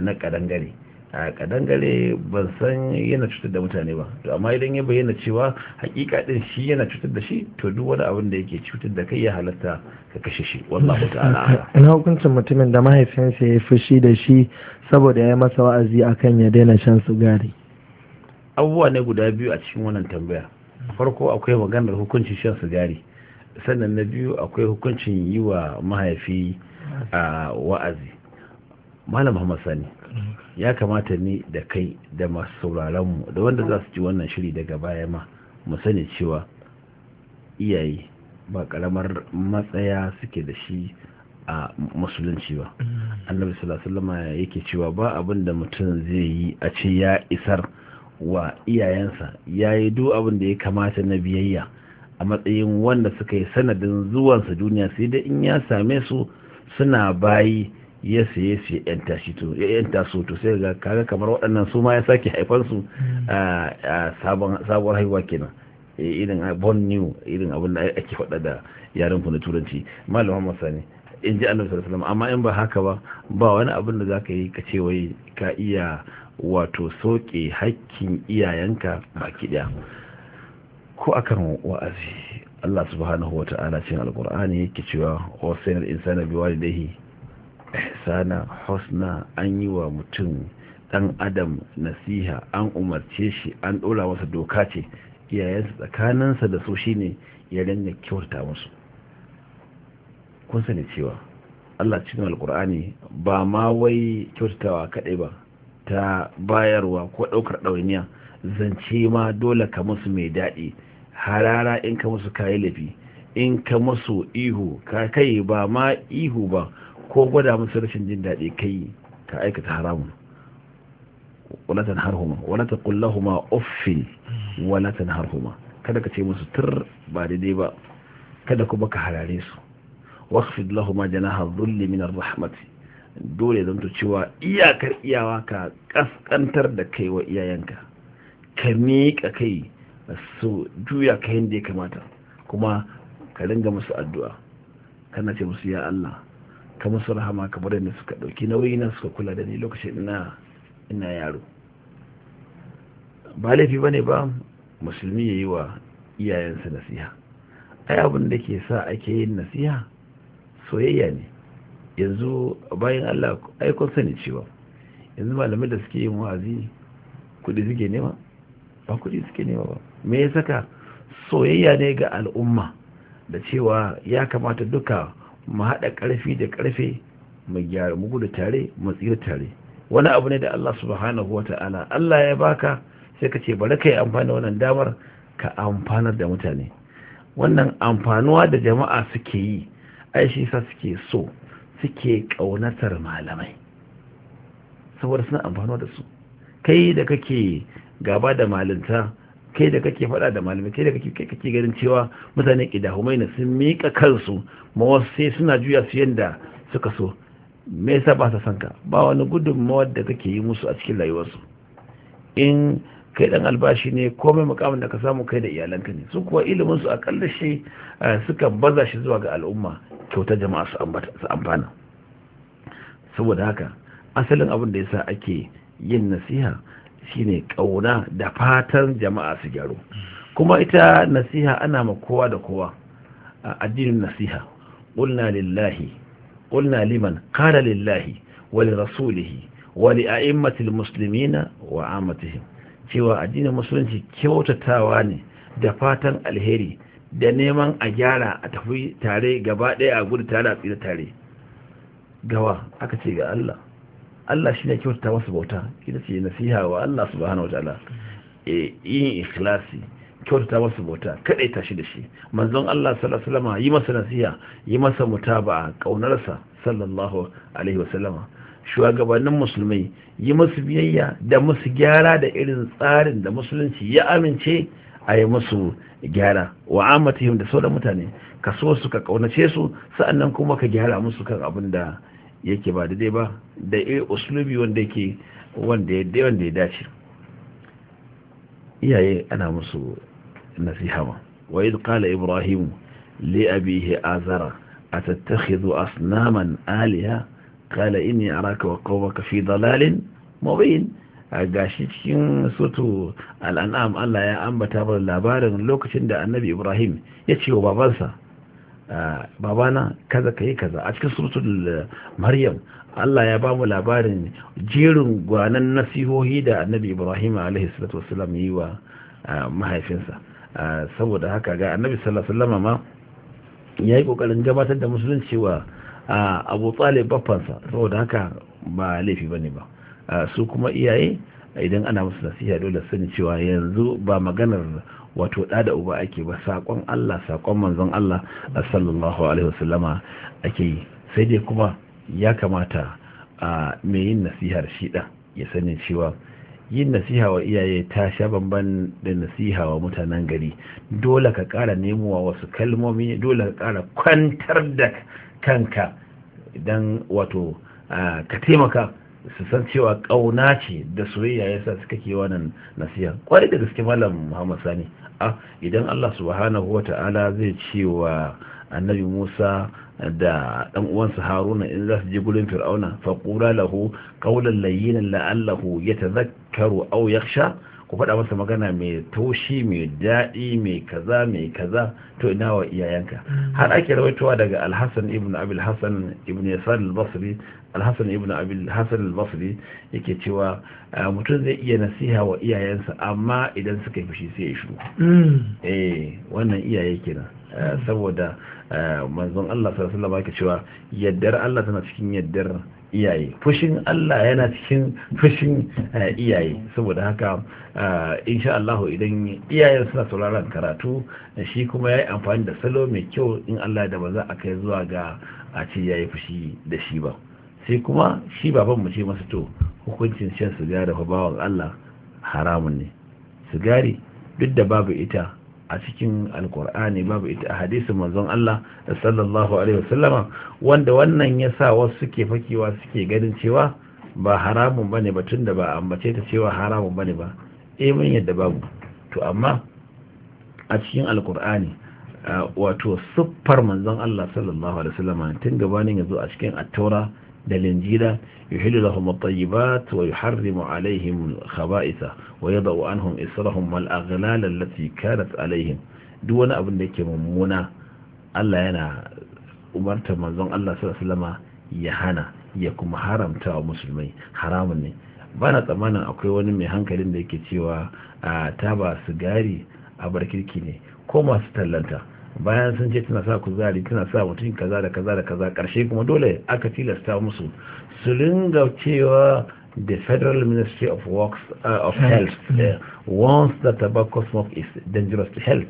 na kadangare a kadangare ban san yana cutar da mutane ba to amma idan ya bayyana cewa hakika din shi yana cutar da shi to duk wani abin da yake cutar da kai ya halatta ka kashe shi wallahi ta'ala ina hukuncin mutumin da mahaifinsa ya fushi da shi saboda ya masa wa'azi akan ya daina shan sigari abubuwa ne guda biyu a cikin wannan tambaya farko akwai maganar hukunci shan sigari sannan na biyu akwai hukuncin yi wa mahaifi a wa'azi malam muhammad sani ya kamata ni da kai da masu sauraronmu da wanda za su ji wannan shiri daga baya ma mu sani cewa iyaye ba karamar matsaya suke da shi a musulunci ba mm. annabi sallallahu alaihi yake cewa ba abin da mutum zai yi a ce ya isar wa iyayensa ya yi duk abin da ya kamata na biyayya a matsayin wanda suka yi sanadin zuwansa duniya sai dai in ya same su suna bayi ya saye su ya yanta su to sai ga kaga kamar waɗannan su ma ya sake su hmm. a sabuwar haihuwa kenan eh, irin born new irin abin da ake faɗa da yaren ku na turanci muhammad sani in ji annabi sallallahu alaihi amma in ba haka ba ba wani abin da zaka yi ka ce wai ka iya wato soke hakkin iyayenka baki daya ko akan wa'azi Allah subhanahu ta'ala cikin alkur'ani yake cewa hosain insana da ihsana husna an yi wa mutum dan adam nasiha an umarce shi an dora masa doka ce iyayensa tsakaninsa da su shine ya rinka kyauta musu kun sani cewa Allah cikin alkur'ani ba ma wai kyautatawa kaɗai ba ta bayarwa ko ɗaukar ɗawainiya zance ma dole ka musu mai daɗi harara in ka musu kayi lafi in ka musu ihu ka kai ba ma ihu ba ko gwada musu rashin jin daɗi kai ka aikata haramun walatan harhuma walatan kullahuma uffin wala kada ka ce musu tur ba daidai ba kada kuma ka harare su waqfid lahuma janaha dhulli min ar-rahmati dole zanto cewa iyakar iyawa ka kaskantar da kai wa iyayenka ka miƙa kai su juya ka yadda ya kamata kuma ka ringa musu addu'a kana ce musu ya Allah ka musu rahama kamar yadda suka ɗauki nauyi na suka kula da ni lokacin ina ina yaro ba laifi bane ba musulmi ya yi wa iyayensa nasiha ai abin da ke sa ake yin nasiha soyayya ne yanzu bayan Allah aikon sani cewa yanzu malamai da suke yin wa'azi kudi suke nema ba kudi suke nema ba me ya saka soyayya ne ga al'umma da cewa ya kamata duka mu haɗa ƙarfi da ƙarfe mu gyara mu gudu tare mu tsira tare wani abu ne da Allah subhanahu wa ta'ala Allah ya baka sai ka ce bari ka yi amfani wannan damar ka amfanar da mutane wannan amfanuwa da jama'a suke yi ai shi sa suke so suke ƙaunatar malamai saboda suna amfano da su kai da kake gaba da malinta kai da kake faɗa da malamai kai da kake kake ganin cewa mutane kidahumai na sun miƙa kansu ma sai suna juya su yadda suka so me yasa ba sa son ka ba wani gudunmawar da kake yi musu a cikin rayuwarsu in kai dan albashi ne komai mukamin da ka samu kai da iyalanka ne su kuwa ilimin su akalla shi eh, suka baza shi zuwa ga al'umma kyauta jama'a su amfana saboda haka asalin abin da yasa ake yin nasiha shine kauna da fatan jama'a su gyaru kuma ita nasiha ana ma kowa da kowa a addinin nasiha qulna lillahi qulna liman qala lillahi wa lirasulihi rasulihi wa li'a'immatil a'immatil muslimina wa amatihim cewa addinin musulunci kyautatawa ne da fatan alheri da neman a gyara a tafi tare gaba ɗaya a gudu tare a tsira tare gawa aka ce ga Allah Allah shi ne kyautata masu bauta ita ce nasiha wa Allah subhanahu wa ta'ala e, yin ikhlasi kyautata masu bauta kadai tashi da shi manzon Allah sallallahu alaihi yi masa nasiha yi masa mutaba a ƙaunarsa, sallallahu alaihi wasallama shugabannin musulmai yi musu biyayya da musu gyara da irin tsarin da musulunci ya amince a yi musu gyara wa amatihim da sauran mutane ka so su ka kaunace su sa'annan kuma ka gyara musu kan abin da yake ba daidai ba da iri usulubi wanda yake wanda ya wanda ya dace iyaye ana musu nasiha ma wa idh qala ibrahim li abihi azara atattakhidhu asnaman aliha kala إني أراك وقومك في ضلال dalalin gashi cikin soto al'an'am Allah ya ambata bar labarin lokacin da annabi Ibrahim ya ce wa babansa babana kaza kai kaza a cikin suratul Maryam Allah ya ba mu labarin jerin gwanan nasihohi da annabi Ibrahim alaihi salatu yi wa mahaifinsa saboda haka ga annabi sallallahu alaihi wasallama ma yayi kokarin gabatar da musulunci wa a abu talib baffansa saboda haka ba laifi bane ba su kuma iyaye idan ana musu nasiha dole sani cewa yanzu ba maganar wato da da uba ake ba saƙon Allah sakon manzon Allah sallallahu alaihi wasallama ake yi sai dai kuma ya kamata a mai yin nasihar shi ɗan ya sani cewa yin nasiha wa iyaye ta sha bamban da nasiha wa mutanen gari dole ka ƙara nemowa wasu kalmomi dole ka ƙara kwantar da kanka idan wato ka taimaka su san cewa ƙauna ce da soyayya yasa suka ke wannan nasiha kwarai da gaske malam muhammad sani a idan allah subhanahu wa ta'ala zai cewa annabi musa da dan uwansa haruna in za su je gurin fir'auna faqula lahu qawlan layyinan la'allahu yatadhakkaru aw yakhsha ku faɗa masa magana mai taushi mai daɗi mai kaza mai kaza to ina wa iyayenka mm. har ake rawaitowa daga alhassan ibn abil hassan ibn yasar al-basri alhassan ibn abil hassan al-basri yake cewa mutum zai iya nasiha wa iyayensa amma idan suka yi fushi sai ya shiru mm. eh wannan iyaye kenan eh, mm. saboda eh, manzon Allah sallallahu alaihi wasallam yake cewa yaddar Allah tana cikin yaddar iyaye fushin Allah yana cikin fushin eh, iyaye saboda haka eh, insha Allah idan iyayen suna sauraron karatu shi kuma ya yi amfani da salo mai kyau in Allah da ba za a kai zuwa ga a ce ya yi fushi da shi ba sai kuma shi baban mu ce masa to hukuncin shan sigari da bawan Allah haramun ne sigari duk da babu ita a cikin alkur'ani babu ita a hadisi, manzon Allah da sallallahu alaihi wasallama wanda wannan ya sa wasu suke fakewa suke ganin cewa ba haramun bane ba tunda ba ambace ta cewa haramun bane ba eh mun yadda babu to amma a cikin alkur'ani wato siffar manzon Allah sallallahu alaihi wasallama tun gabanin yazo a cikin Attaura. da linjila yuhillu lahum at-tayyibat wa yuharrimu alaihim al-khaba'itha wa yadau anhum israhum wal aghlal allati kanat alaihim duk wani abin da yake mummuna Allah yana umartar manzon Allah sallallahu alaihi ya hana ya kuma haramta wa musulmai haramun ne bana na tsammanin akwai wani mai hankalin da yake cewa a ah, taba sigari a barkirki ne ko masu tallanta bayan sun ce tana sa kuzari tana sa mutum kaza da kaza da kaza karshe kuma dole aka tilasta musu su ringa cewa the federal ministry of works uh, of health uh, warns that tobacco smoke is dangerous to health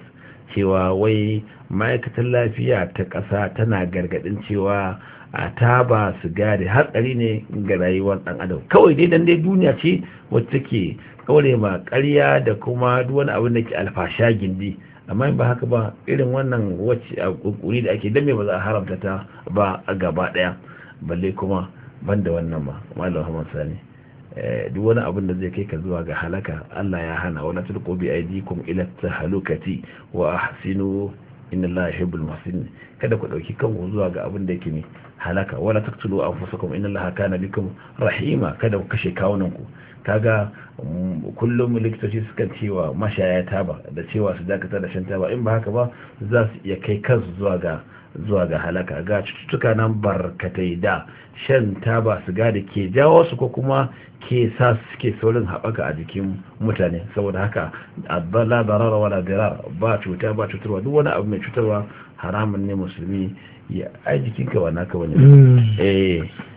cewa wai ma'aikatan lafiya ta ƙasa tana gargaɗin cewa a taba sigari hatsari ne ga rayuwar ɗan adam kawai dai dan dai duniya ce wacce ke kaure ma ƙarya da kuma duk wani abin da ke alfasha gindi amma in ba haka ba irin wannan wacce a kuri da ake dame ba za a haramta ta ba a gaba daya balle kuma ban da wannan ba malam Muhammad Sani eh, duk wani abin da zai kai ka zuwa ga halaka Allah ya hana wani turko bi kuma ila ta tahlukati wa ahsinu inna Allah yuhibbul muhsinin kada ku dauki kanku zuwa ga abin da yake ne halaka wala taqtulu anfusakum inna Allah kana bikum rahima kada ku kashe kawunanku kaga mm, kullum likitoci suka cewa mashaya taba da cewa su dakatar da shan taba in ba haka ba za su iya kai kansu zuwa ga zuwa ga halaka ga cututtuka nan barkatai da shan taba su gada ke jawo su ko kuma ke sa su suke saurin haɓaka a jikin mutane saboda haka la darara wala dirar ba cuta ba cutarwa duk wani abu mai cutarwa haramun ne musulmi ya ai jikinka ba naka wani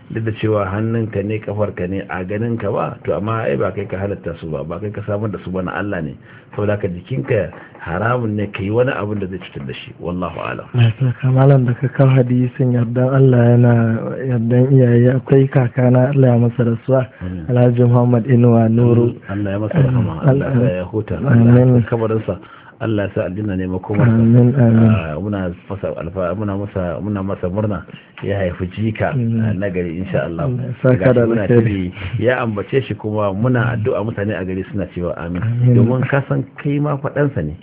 duk da cewa hannunka ne kafarka ne a ganin ka ba to amma ai ba kai ka halatta su ba ba kai ka samar da su ba na Allah ne saboda ka jikinka haramun ne kai wani abin da zai cutar da shi wallahu alam na malam da ka kawo hadisin yardan Allah yana yardan iyaye akwai kaka na Allah ya masa rasuwa Alhaji Muhammad Inuwa Nuru Allah ya masa rahama Allah ya huta Allah ya kabarinsa Allah ya sa aljanna ne makomar ah, muna masa alfa muna masa muna masa murna ya haifi jika na gari insha Allah muna tabi ya ambace shi kuma muna addu'a mutane a gari suna cewa amin domin ka san kai ma faɗansa ne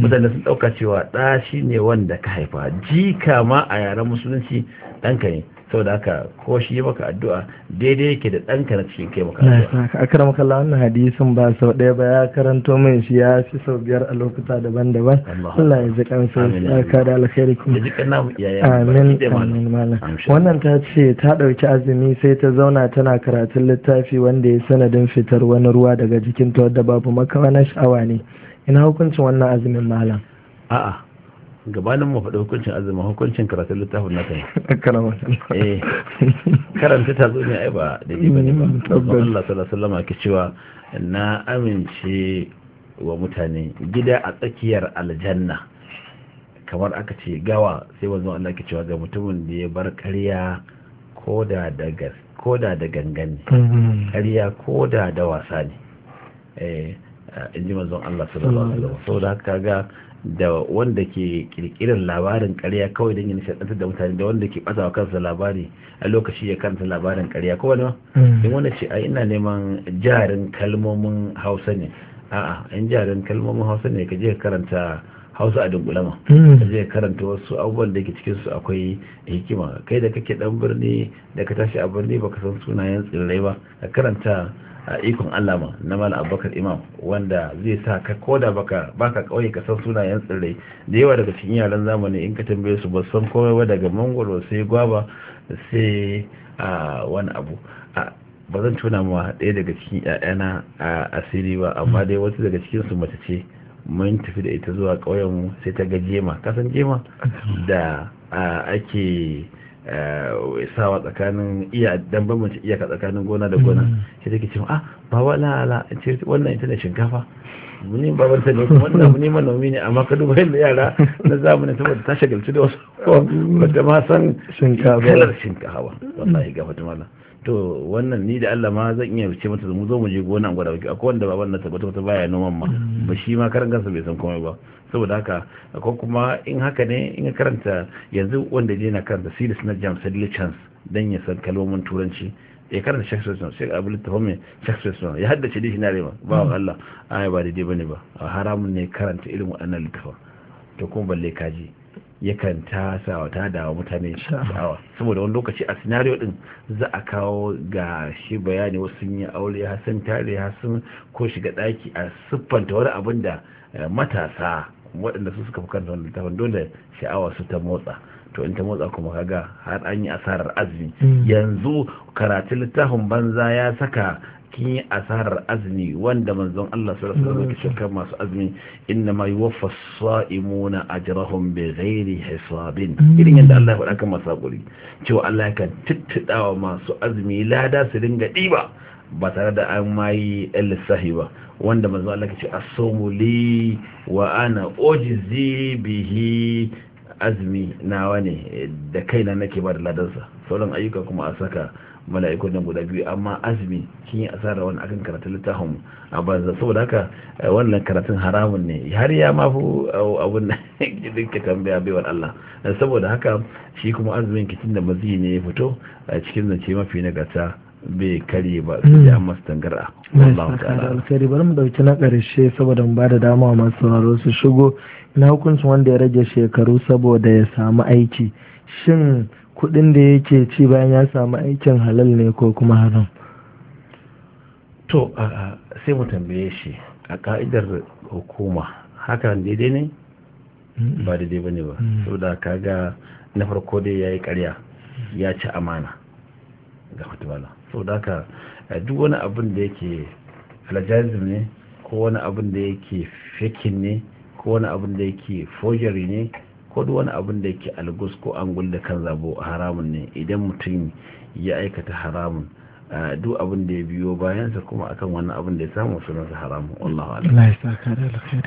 mutane sun ɗauka cewa ɗa shi ne wanda ka haifa jika ma a yaren musulunci ɗanka ne saboda haka ko shi maka addu'a daidai yake da ɗanka na cikin kai maka addu'a akara maka wannan hadisin ba sau ɗaya ba ya karanto min shi ya fi sau biyar a lokuta daban-daban Allah ya ji kan sai saka da alkhairi kuma Ya namu ba amin amin malam wannan ta ce ta ɗauki azumi sai ta zauna tana karatun littafi wanda ya sanadin fitar wani ruwa daga jikin ta wadda babu makawa na sha'awa ne ina hukuncin wannan azumin malam a'a gabanin mu faɗi hukuncin azumi hukuncin karatun littafin nata ne eh. karanta ta zo ne ai ba da ji bane ba mm, Allah sallallahu alaihi wasallam cewa na amince wa mutane gida a tsakiyar aljanna kamar aka ce gawa sai wanzu Allah ke cewa ga mutumin da ya bar ƙarya koda da koda da gangan ne mm-hmm. ƙarya koda da wasa ne eh in ji manzon Allah sallallahu alaihi wasallam mm. saboda haka ga da wanda ke kirkirar labarin karya kawai don yin shaɗantar da mutane da wanda ke ɓata wa kansa labari a lokaci ya kanta labarin karya ko wani in hmm. wanda ce a ina neman jarin kalmomin hausa ne a'a in jarin kalmomin hausa ne ka je ka karanta hausa a dunkulama hmm. ka karanta wasu abubuwan da ke cikinsu akwai hikima kai da kake dan birni da ka tashi a birni baka san sunayen tsirrai ba ka karanta a ikon allah ma na Malam abubakar imam wanda zai sa ka koda baka baka kauye ka san sunayen tsirrai da yawa daga cikin yaran zamani in ka tambaye su ba san komai ba daga mangoro sai gwaba sai a wani abu ba zan tuna ma ɗaya daga cikin ƴaƴana a asiri ba amma dai wasu daga cikin su mace ce mun tafi da ita zuwa ƙauyen mu sai ta ga jema kasan jema da ake Eh, sawa tsakanin iya dan bambance iyaka tsakanin gona da gona mm. shi take cewa ah ba wala la ce wannan ita ne shinkafa muni baban ta ne wannan muni manomi ne amma ka duba yadda yara na zamani saboda ta shagaltu da wasu ko mm. ba ma san shinkafa wallahi ga fatimala to wannan ni da Allah ma zan iya ce mata mu zo mu je gona an gwada wake akwai wanda baban na tabbata wata baya noman ma mm. ba shi ma karan kansa bai san komai ba saboda haka akwai kuma in haka ne in karanta yanzu wanda je na karanta series na James Sedley Chance dan ya san kalmomin turanci ya karanta Shakespeare sai abul littafin mai Shakespeare ya haddace da shi na rema ba wa mm. Allah ai ba daidai bane ba haramun ne karanta ilimin annal kafa to kuma balle kaji yakan ta sawa ta dawa mutane sha'awa saboda wani lokaci a sinariyo din za a kawo ga shi bayani wasu yi aure ya sun tare ya sun ko shiga daki a siffanta wani abin da eh, matasa waɗanda su suka fi kanta wani littafin dole sha'awa su ta motsa to in ta motsa kuma kaga har an yi asarar azumi mm. yanzu karatun littafin banza ya saka kin yi asarar azumi wanda manzon Allah sallallahu alaihi wasallam masu azumi inna ma yuwaffa as-sa'imuna ajrahum ghairi hisabin irin yadda Allah ya faɗa kan masu hakuri cewa Allah kan tittidawa masu azumi lada su dinga diba ba tare da an mayi lissahi ba wanda manzo Allah yake ce as-sawmu li wa ana ujzi bihi azmi nawa ne da kaina nake ba da ladansa sauran ayyuka kuma a saka mala'ikun nan guda biyu amma azumi kin yi asara wani akan karatun littafin mu a banza saboda haka eh, wannan karatun haramun ne har ya ma fi eh, abun da ke tambaya baiwar Allah eh, saboda haka shi kuma azumin kitin da mazi ne ya fito a cikin zance mafi nagarta bai kare ba su an masu tangara hmm. alkhairi bari mu dauki na karshe saboda mu bada dama wa masu sauraro su shigo na hukuncin wanda ya rage shekaru saboda ya samu aiki shin kuɗin da yake ci bayan ya samu aikin halal ne ko kuma haram to sai mu tambaye shi a ka'idar hukuma haka daidai ne ba daidai ba ne ba mm. saboda kaga na farko dai ya yi karya ya ci amana ga fatimala saboda haka duk wani abin da yake flagizm ne ko wani abin da yake fekin ne ko wani abin da yake forgery ne ko duk wani abin da yake algus ko angul da kan zabo haramun ne idan mutum ya aikata haramun duk abin da ya biyo bayansa kuma akan wani abin da ya samu sa haramun wallahu a'lam Allah ya saka da alkhairi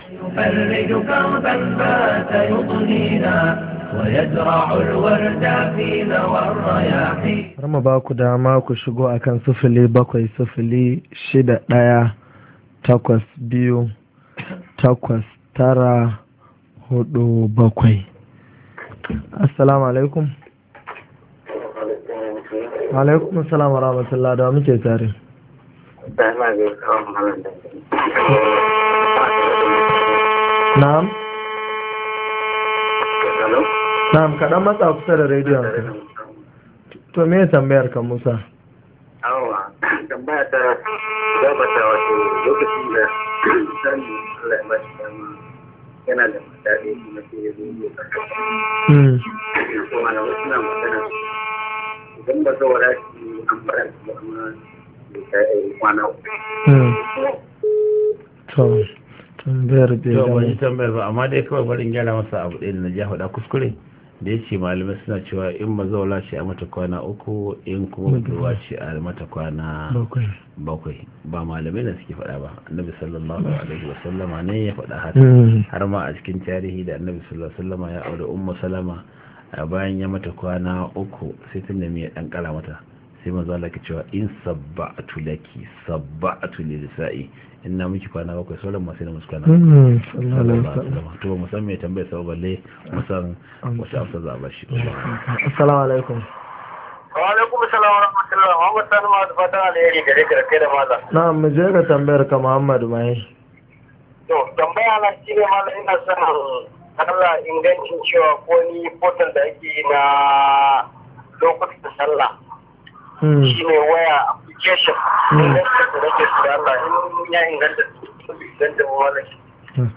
Rama ba ku dama ku shigo akan sufuli bakwai sufuli shida daya takwas biyu takwas tara hudu bakwai. assalamu alaikum Wa alaikum assalam wa rahmatullah da muke tare na'am na'am kaɗan matsa kusa da rediyon to me tambayar ka musa awa tambaya ta gabata wato lokacin da sani yana da mata ɗaya kuma sai ya zo ya kasa kuma na hmm. wasu na magana idan ba zo wara shi an fara shi kuma ya ta yi kwana hmm. to tambayar bai da wani tambayar ba amma dai kawai barin gyara masa abu ɗaya da na ja faɗa kuskure da ya ce malamai suna cewa in mazaula ce a mata kwana uku in kuma budurwa ce a mata kwana bakwai ba malamai na suke faɗa ba annabi sallallahu hmm. alaihi wasallama ne ya faɗa haka hmm. har ma a cikin tarihi da annabi sallallahu alaihi sallama ya aure umma salama a bayan ya mata kwana uku sai tun da ya dan kara mata sai manzo Allah ke cewa in sabba'atu laki sabba'atu lisa'i in na miki kwana bakwai sauran masu da musu kwana mm-hmm. to ba musamman ya tambaya sau balle musan wasu amsa za a ba shi assalamu alaikum wa alaikum assalam wa rahmatullah muhammad sanu ma da fatan alheri gare ka kai da maza na mu je ka tambayar ka muhammad mai to tambaya na shi ne maza ina son Allah ingancin cewa ko ni portal da ake na lokacin sallah hmm. shi ne waya Hmm.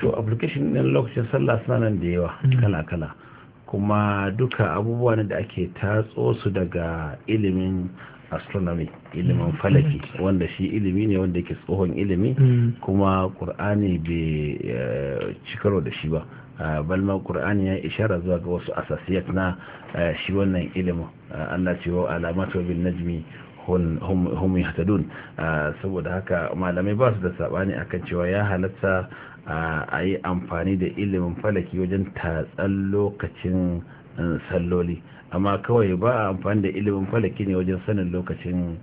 to application ɗin lokacin sallah suna nan da yawa hmm. kala-kala kuma duka abubuwa da ake tatso su daga ilimin astronomy ilimin hmm. falaki wanda shi ilimi ne wanda ke tsohon ilimi kuma ƙur'ani bai eh, cikaro da shi ba Eh, balma qur'ani ya ishara zuwa ga wasu asasiyat na eh, shi wannan ilimin eh, Allah ce wa alamatu bin najmi hum yahtadun saboda haka malamai ba su da sabani akan cewa ya halatta a yi amfani da ilimin falaki wajen tatsan lokacin salloli amma kawai ba a amfani da ilimin falaki ne wajen sanin lokacin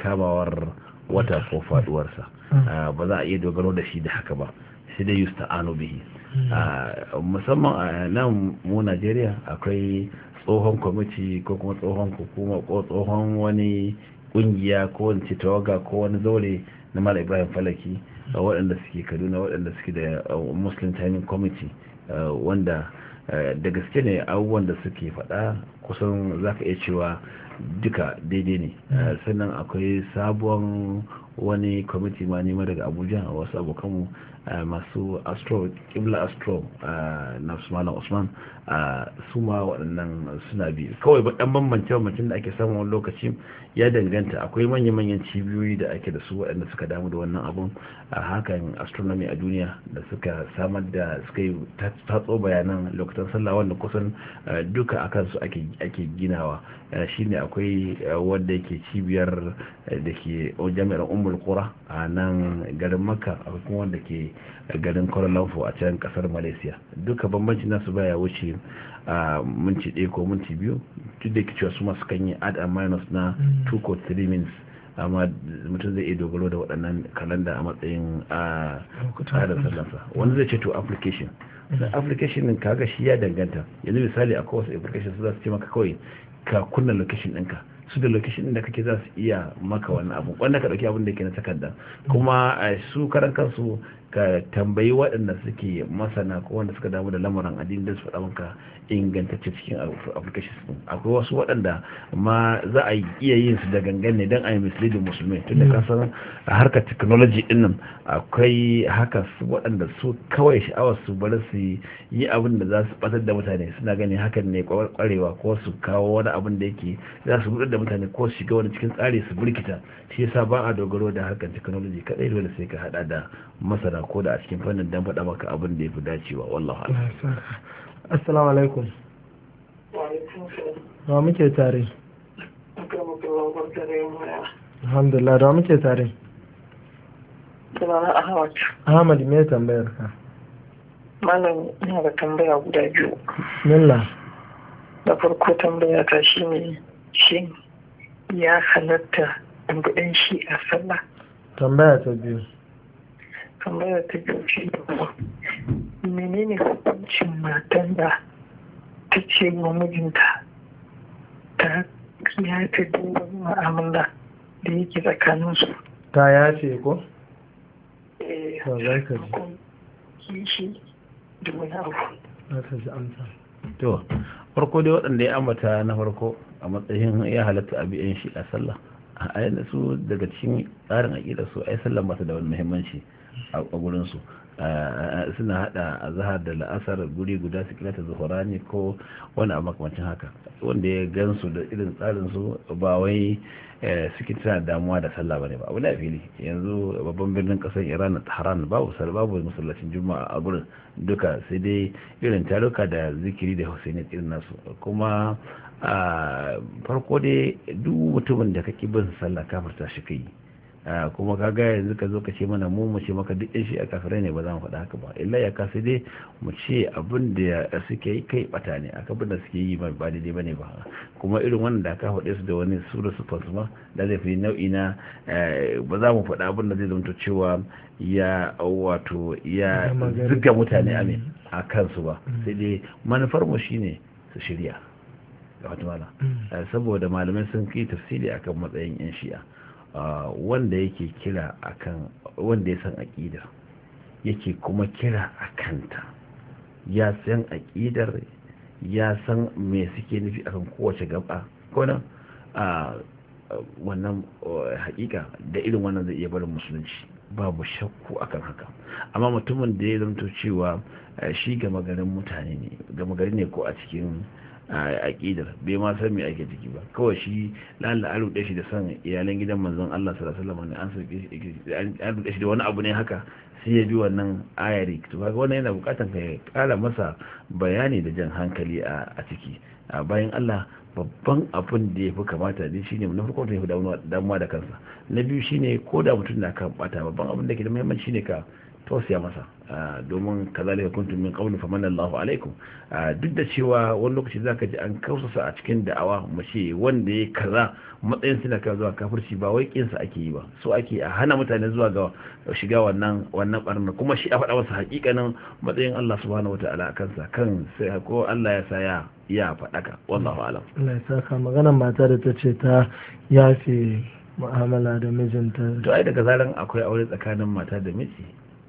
kamawar wata ko faduwarsa mm. ba za a iya dogaro da shi da haka ba sai da yusta bihi Hmm. Ah, musamman a nan mu najeriya akwai tsohon kwamiti ko kuma tsohon hukuma ko tsohon wani kungiya ko wani tawaga ko wani zaure na mara ibrahim falaki hmm. waɗanda suke kaduna waɗanda suke da muslim timing committee wanda da gaske ne abubuwan da suke faɗa kusan za ka iya cewa duka daidai ne hmm. ah, sannan akwai sabon wani kwamiti ma nema daga abuja wasu abokanmu Eh, masu astro kibla astro eh, na malam usman eh, su ma waɗannan suna biyu kawai ɗan bambance bambancin da ake samu wani lokaci ya danganta akwai manya-manyan cibiyoyi da ake da su waɗanda suka damu da wannan abun a hakan astronomy a duniya da suka samar da suka yi tatso bayanan lokutan sallah wanda kusan duka akan su ake ginawa shine akwai wanda yake cibiyar da ke oh, jami'ar umar kura a nan garin makka akwai kuma wanda ke garin kuala lumpur a can kasar malaysia duka bambanci nasu baya wuce a minti ɗaya ko minti biyu duk da cewa su masu kan yi add and minus na 2 mm. ko 3 minutes amma mutum zai iya dogaro da waɗannan kalanda a matsayin a tsarin sallansa wanda zai ce to application na mm. application din kaga shi ya danganta yanzu misali akwai wasu application su za su ce maka kawai ka kunna location ɗinka su da location ɗin da kake za su iya maka wani abu wanda ka ɗauki abin da ke na takarda kuma su karan kansu ka tambayi waɗanda suke masana ko wanda suka damu da lamarin addini da su faɗa maka ingantacce cikin applications din akwai wasu waɗanda ma za a iya yin su da gangan ne don a yi musulmi tun tunda ka san harkar teknoloji din akwai haka su waɗanda su kawai sha'awar su bari su yi abin da za su batar da mutane suna gani hakan ne kwarewa ko su kawo wani abin da yake za su buɗar da mutane ko su shiga wani cikin tsari su burkita shi yasa ba a dogaro da harkar teknoloji kaɗai dole sai ka haɗa da masana ka ko da a cikin fannin dan faɗa maka abin da ya fi dacewa wallahi assalamu alaikum wa muke tare alhamdulillah da muke tare Ahmad me tambayar ka malam ina da tambaya guda biyu Milla. da farko tambaya ta shi ne shi ya halatta in shi a sallah tambaya ta biyu tambaya ta gaushe menene hukuncin matan da ta ce wa mijinta ta ya ta duba ma'amala da yake tsakanin su ta ya ce ko? eh za ka ji da wani abu za ka ji amsa to farko dai waɗanda ya ambata na farko a matsayin ya halatta a biyan shi a sallah a ayyana su daga cikin tsarin aƙida su yi sallan ba da wani muhimmanci a gurinsu suna hada a zahar da la'asar guri guda su kira ta ne ko wani a makamancin haka wanda ya gansu da irin tsarin su ba wai eh, suke tana damuwa da sallah bane ba abu da fili yanzu babban birnin kasar iran haran babu babu masallacin juma'a a gurin duka sai dai irin taruka da zikiri da husaini irin nasu kuma a farko dai duk mutumin da kake bin sallah kafarta shi kai kuma ka ga yanzu ka zo ka ce mana mu mu ce maka duk shi a kafirai ne ba za mu faɗa haka ba illa ya kasu dai mu ce abin da suke yi kai bata ne a abin da suke yi ba daidai ba ne ba kuma irin wannan da aka faɗe su da wani sura su fasu ma da zai fi nau'i na eh, ba za mu faɗa abin da zai zama cewa ya wato ya zuga mutane a a kansu ba sai dai manufar mu shine su shirya ga wata mala mm. eh, saboda malamai sun kai tafsiri akan matsayin yan shi'a wanda yake kira akan wanda ya san aƙidar yake kuma kira a kanta ya san aƙidar ya san me suke nufi akan kowace gaba nan a wannan hakika da irin wannan zai iya barin musulunci babu shakku akan haka amma mutumin da ya zanto cewa shi gama garin mutane ne gama gari ne ko a cikin a aƙidar bai ma san me ake ciki ba kawai shi lalla an ruɗe shi da san iyalan gidan manzon Allah sallallahu alaihi wasallam an sauke shi da wani abu ne haka sai ya bi wannan ayari to kaga wannan yana bukatan ka kala masa bayani da jan hankali a ciki a bayan Allah babban abin da ya fi kamata ne shine na farko da ya fi damuwa da kansa na biyu shine ko da mutum na kan bata babban abin da ke da muhimmanci shine ka tosiya masa domin ka kuntum min qablu famanna Allahu alaikum duk da cewa wani lokaci zaka ji an kausasa a cikin da'awa mace wanda ya kaza matsayin suna ka zuwa kafirci ba wai kinsa ake yi ba so ake a hana mutane zuwa ga shiga wannan wannan barna kuma shi a faɗa masa hakikanin matsayin Allah subhanahu wataala a kansa kan sai ko Allah ya sa ya ya faɗaka wallahu alam Allah ya saka magana mata da ta ce ta yafe mu'amala da mijinta to ai daga zaran akwai aure tsakanin mata da miji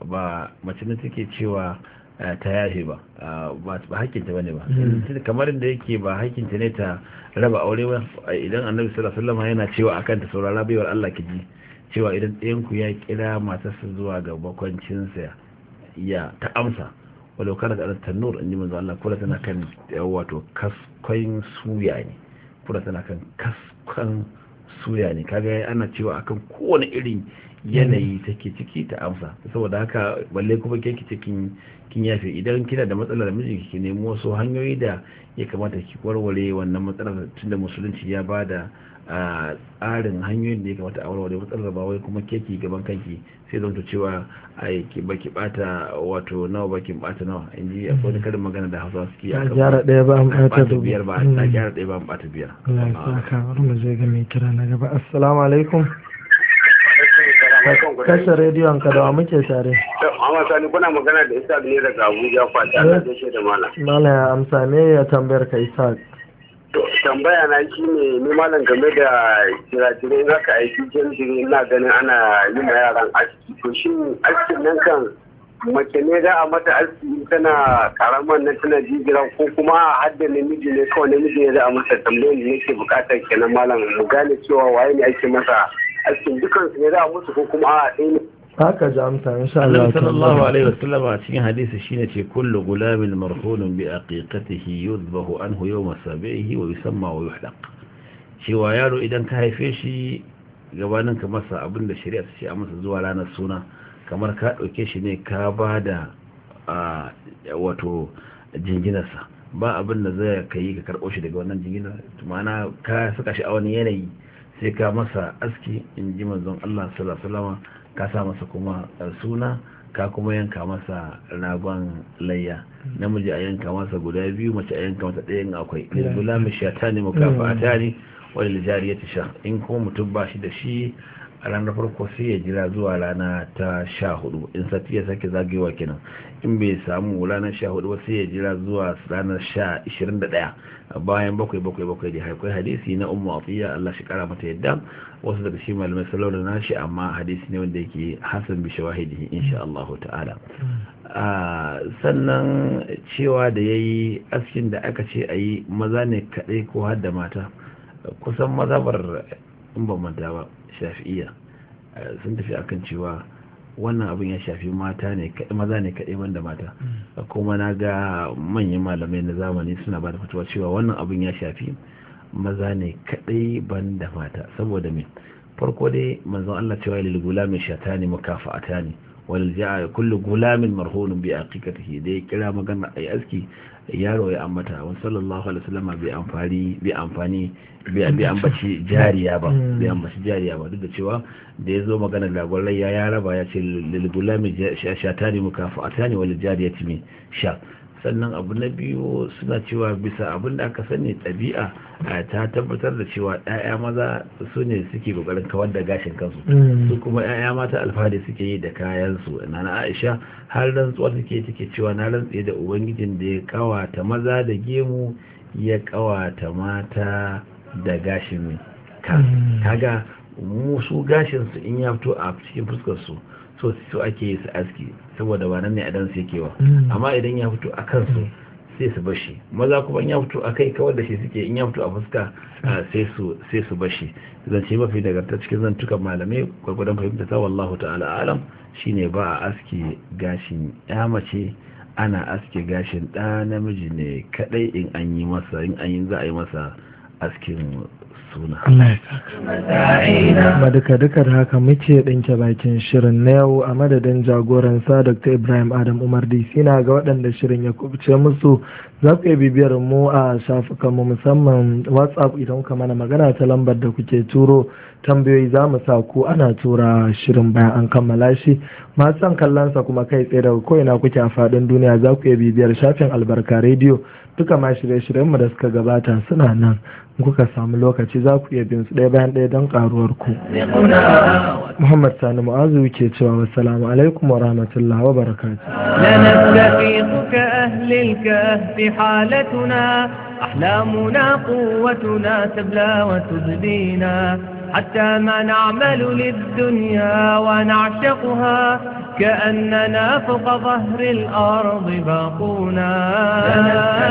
ba mace ne take cewa eh, ta yahi ah, ba ba hakinta bane ba hmm. kamar da yake ba hakinta ne ta raba aure ba idan annabi sallallahu alaihi wasallam yana cewa akan ta saurara baiwar Allah ki ji cewa idan ɗayan ku ya kira matarsa zuwa ga sa ya ta amsa walau kana da tannur in ji manzo Allah kula tana kan wato kaskon suya ne kula tana kan kaskon suya ne kaga ana cewa akan kowane irin yanayi take ciki ta amsa saboda haka balle kuma ke ki cikin kin yafe idan kina da matsalar miji ki nemi wasu hanyoyi da ya kamata ki warware wannan matsalar tunda musulunci ya bada a tsarin hanyoyin da ya kamata a warware matsalar ba wai kuma keki gaban kanki sai zan cewa a ki baki bata wato nawa baki bata nawa in ji a kodin karin magana da hausa suke a gyara daya ba a bata biyar ba a hmm. gyara daya ba a bata biyar Allah ya saka mu zai ga mai kira na gaba assalamu alaikum kashe rediyon ka da wa muke tare amma sani kuna magana da isa ne daga abuja kwata na eh. gaishe da mala mala ya amsa me ya tambayar ka tambaya na shi ne ni malam game da jirajire in aka aiki jinjiri ina ganin ana yi ma yaran aski to shi askin nan kan mace ne za a mata aski tana karamar na tana jijiran ko kuma a hadda namiji ne kawai namiji ne za a mata tambayar da yake bukatar kenan malam mu gane cewa waye ne ake masa dukkan su ne za a musu ko kuma a ɗaya ne haka ji amsa insha Allah sallallahu alaihi wasallam a cikin hadisi shine ce kullu gulamin marhunun bi aqiqatihi yuzbahu anhu yawm sabihi wa yusamma wa yuhlaq cewa yaro idan ka haife shi gabanin ka masa abin da shari'a ta ce a masa zuwa ranar suna kamar ka ɗauke shi ne ka ba da wato jinginarsa ba abin da zai kai ka karɓo shi daga wannan jinginar ma'ana ka saka shi a wani yanayi sai ka masa aski in ji manzon Allah sallallahu ka sa masa kuma eh, suna ka kuma yanka masa ragon layya hmm. namiji a yanka masa guda biyu mace a yanka masa ɗayan akwai hmm. lillahi gulami shatani mukafa'atani hmm. wa lil jariyati sha in kuma mutum ba shi da shi a ranar farko sai ya jira zuwa rana ta sha hudu in sati ya sake zagewa kenan in bai samu ranar sha hudu sai ya jira zuwa ranar sha ishirin da daya bayan bakwai bakwai bakwai da haikwai hadisi na umma afiya allah shi kara mata yadda wasu daga shi malamai salon da nashi amma hadisi ne wanda yake hasan bi shawahidi insha allahu ta'ala sannan cewa da ya yi askin da aka ce a yi maza ne kaɗai ko har da mata kusan bar in ban manta ba shafi'iya eh, sun tafi akan cewa wannan abin ya shafi mata ne maza ne kaɗai banda mata hmm. kuma na ga manyan malamai na zamani suna ba da fatuwa cewa wannan abin ya shafi maza ne kaɗai banda mata saboda me farko dai manzon Allah cewa lil gulami shatani mukafa'atani wal ja'a kullu gulamin marhunun bi aqiqatihi dai kira magana ai aski yaro ya ambata wa sallallahu alaihi wasallam bai amfani bai amfani bai ambaci jariya ba bai mm. ambaci jariya ba duk da cewa da ya zo magana da gwarai ya raba ya ce lil gulami shatani mukafa'atani wal jariyati min sha sannan abu na biyu suna cewa bisa abin da aka sani ɗabi'a ta tabbatar da cewa 'ya'ya maza su ne suke kokarin kawar da gashin kansu mm. su kuma 'ya'ya mata alfahari suke yi da kayansu na aisha har rantsuwa take take cewa na rantse da ubangijin da ya kawata maza da gemu ya kawata mata da gashin mm. kaga mu su gashin su in ya fito a cikin fuskar su so su ake yi su aski saboda ba nan ne a dansu yake wa hmm. amma idan ya fito a kansu hmm. sai su bashi maza kuma in ya fito a kai kawar da shi suke in ya fito a fuska sai su bashi zance mafi daga ta cikin zantukan malamai gwargwadon fahimta ta wallahu ta'ala alam shine ba a aske gashin ya mace ana aske gashin ɗa namiji ne kaɗai in an yi masa in an yi za a yi masa askin suna. Ba duka duka haka muke ɗinke bakin shirin na yau a madadin jagoransa Dr. Ibrahim Adam Umar na ga waɗanda shirin ya kubce musu za ku iya bibiyar mu a shafukanmu musamman WhatsApp idan kuka mana magana ta lambar da kuke turo tambayoyi za mu sa ku ana tura shirin bayan an kammala shi masu kallon kallonsa kuma kai tsaye daga ko'ina kuke a faɗin duniya za ku iya bibiyar shafin albarka rediyo duka ma shirye-shiryenmu da suka gabata suna nan kuka samu lokaci za ku iya bin su ɗaya bayan ɗaya don ƙaruwar ku muhammad sani mu'azu ke cewa wassalamu alaikum wa rahmatullahi wa barakatuh حتى ما نعمل للدنيا ونعشقها كأننا فوق ظهر الأرض باقونا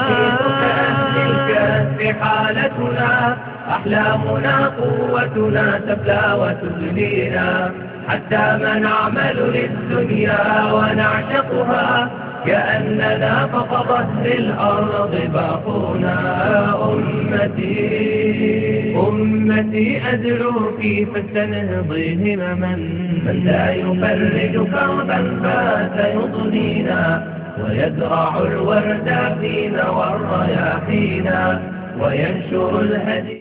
كأهل الكهف حالتنا أحلامنا قوتنا تبلى وتغنينا حتى ما نعمل للدنيا ونعشقها كأننا فقدت للأرض باقونا أمتي أمتي أدعو كيف سنهضي همما من لا يفرج كربا فات ويزرع الورد فينا والرياحينا وينشر الهدي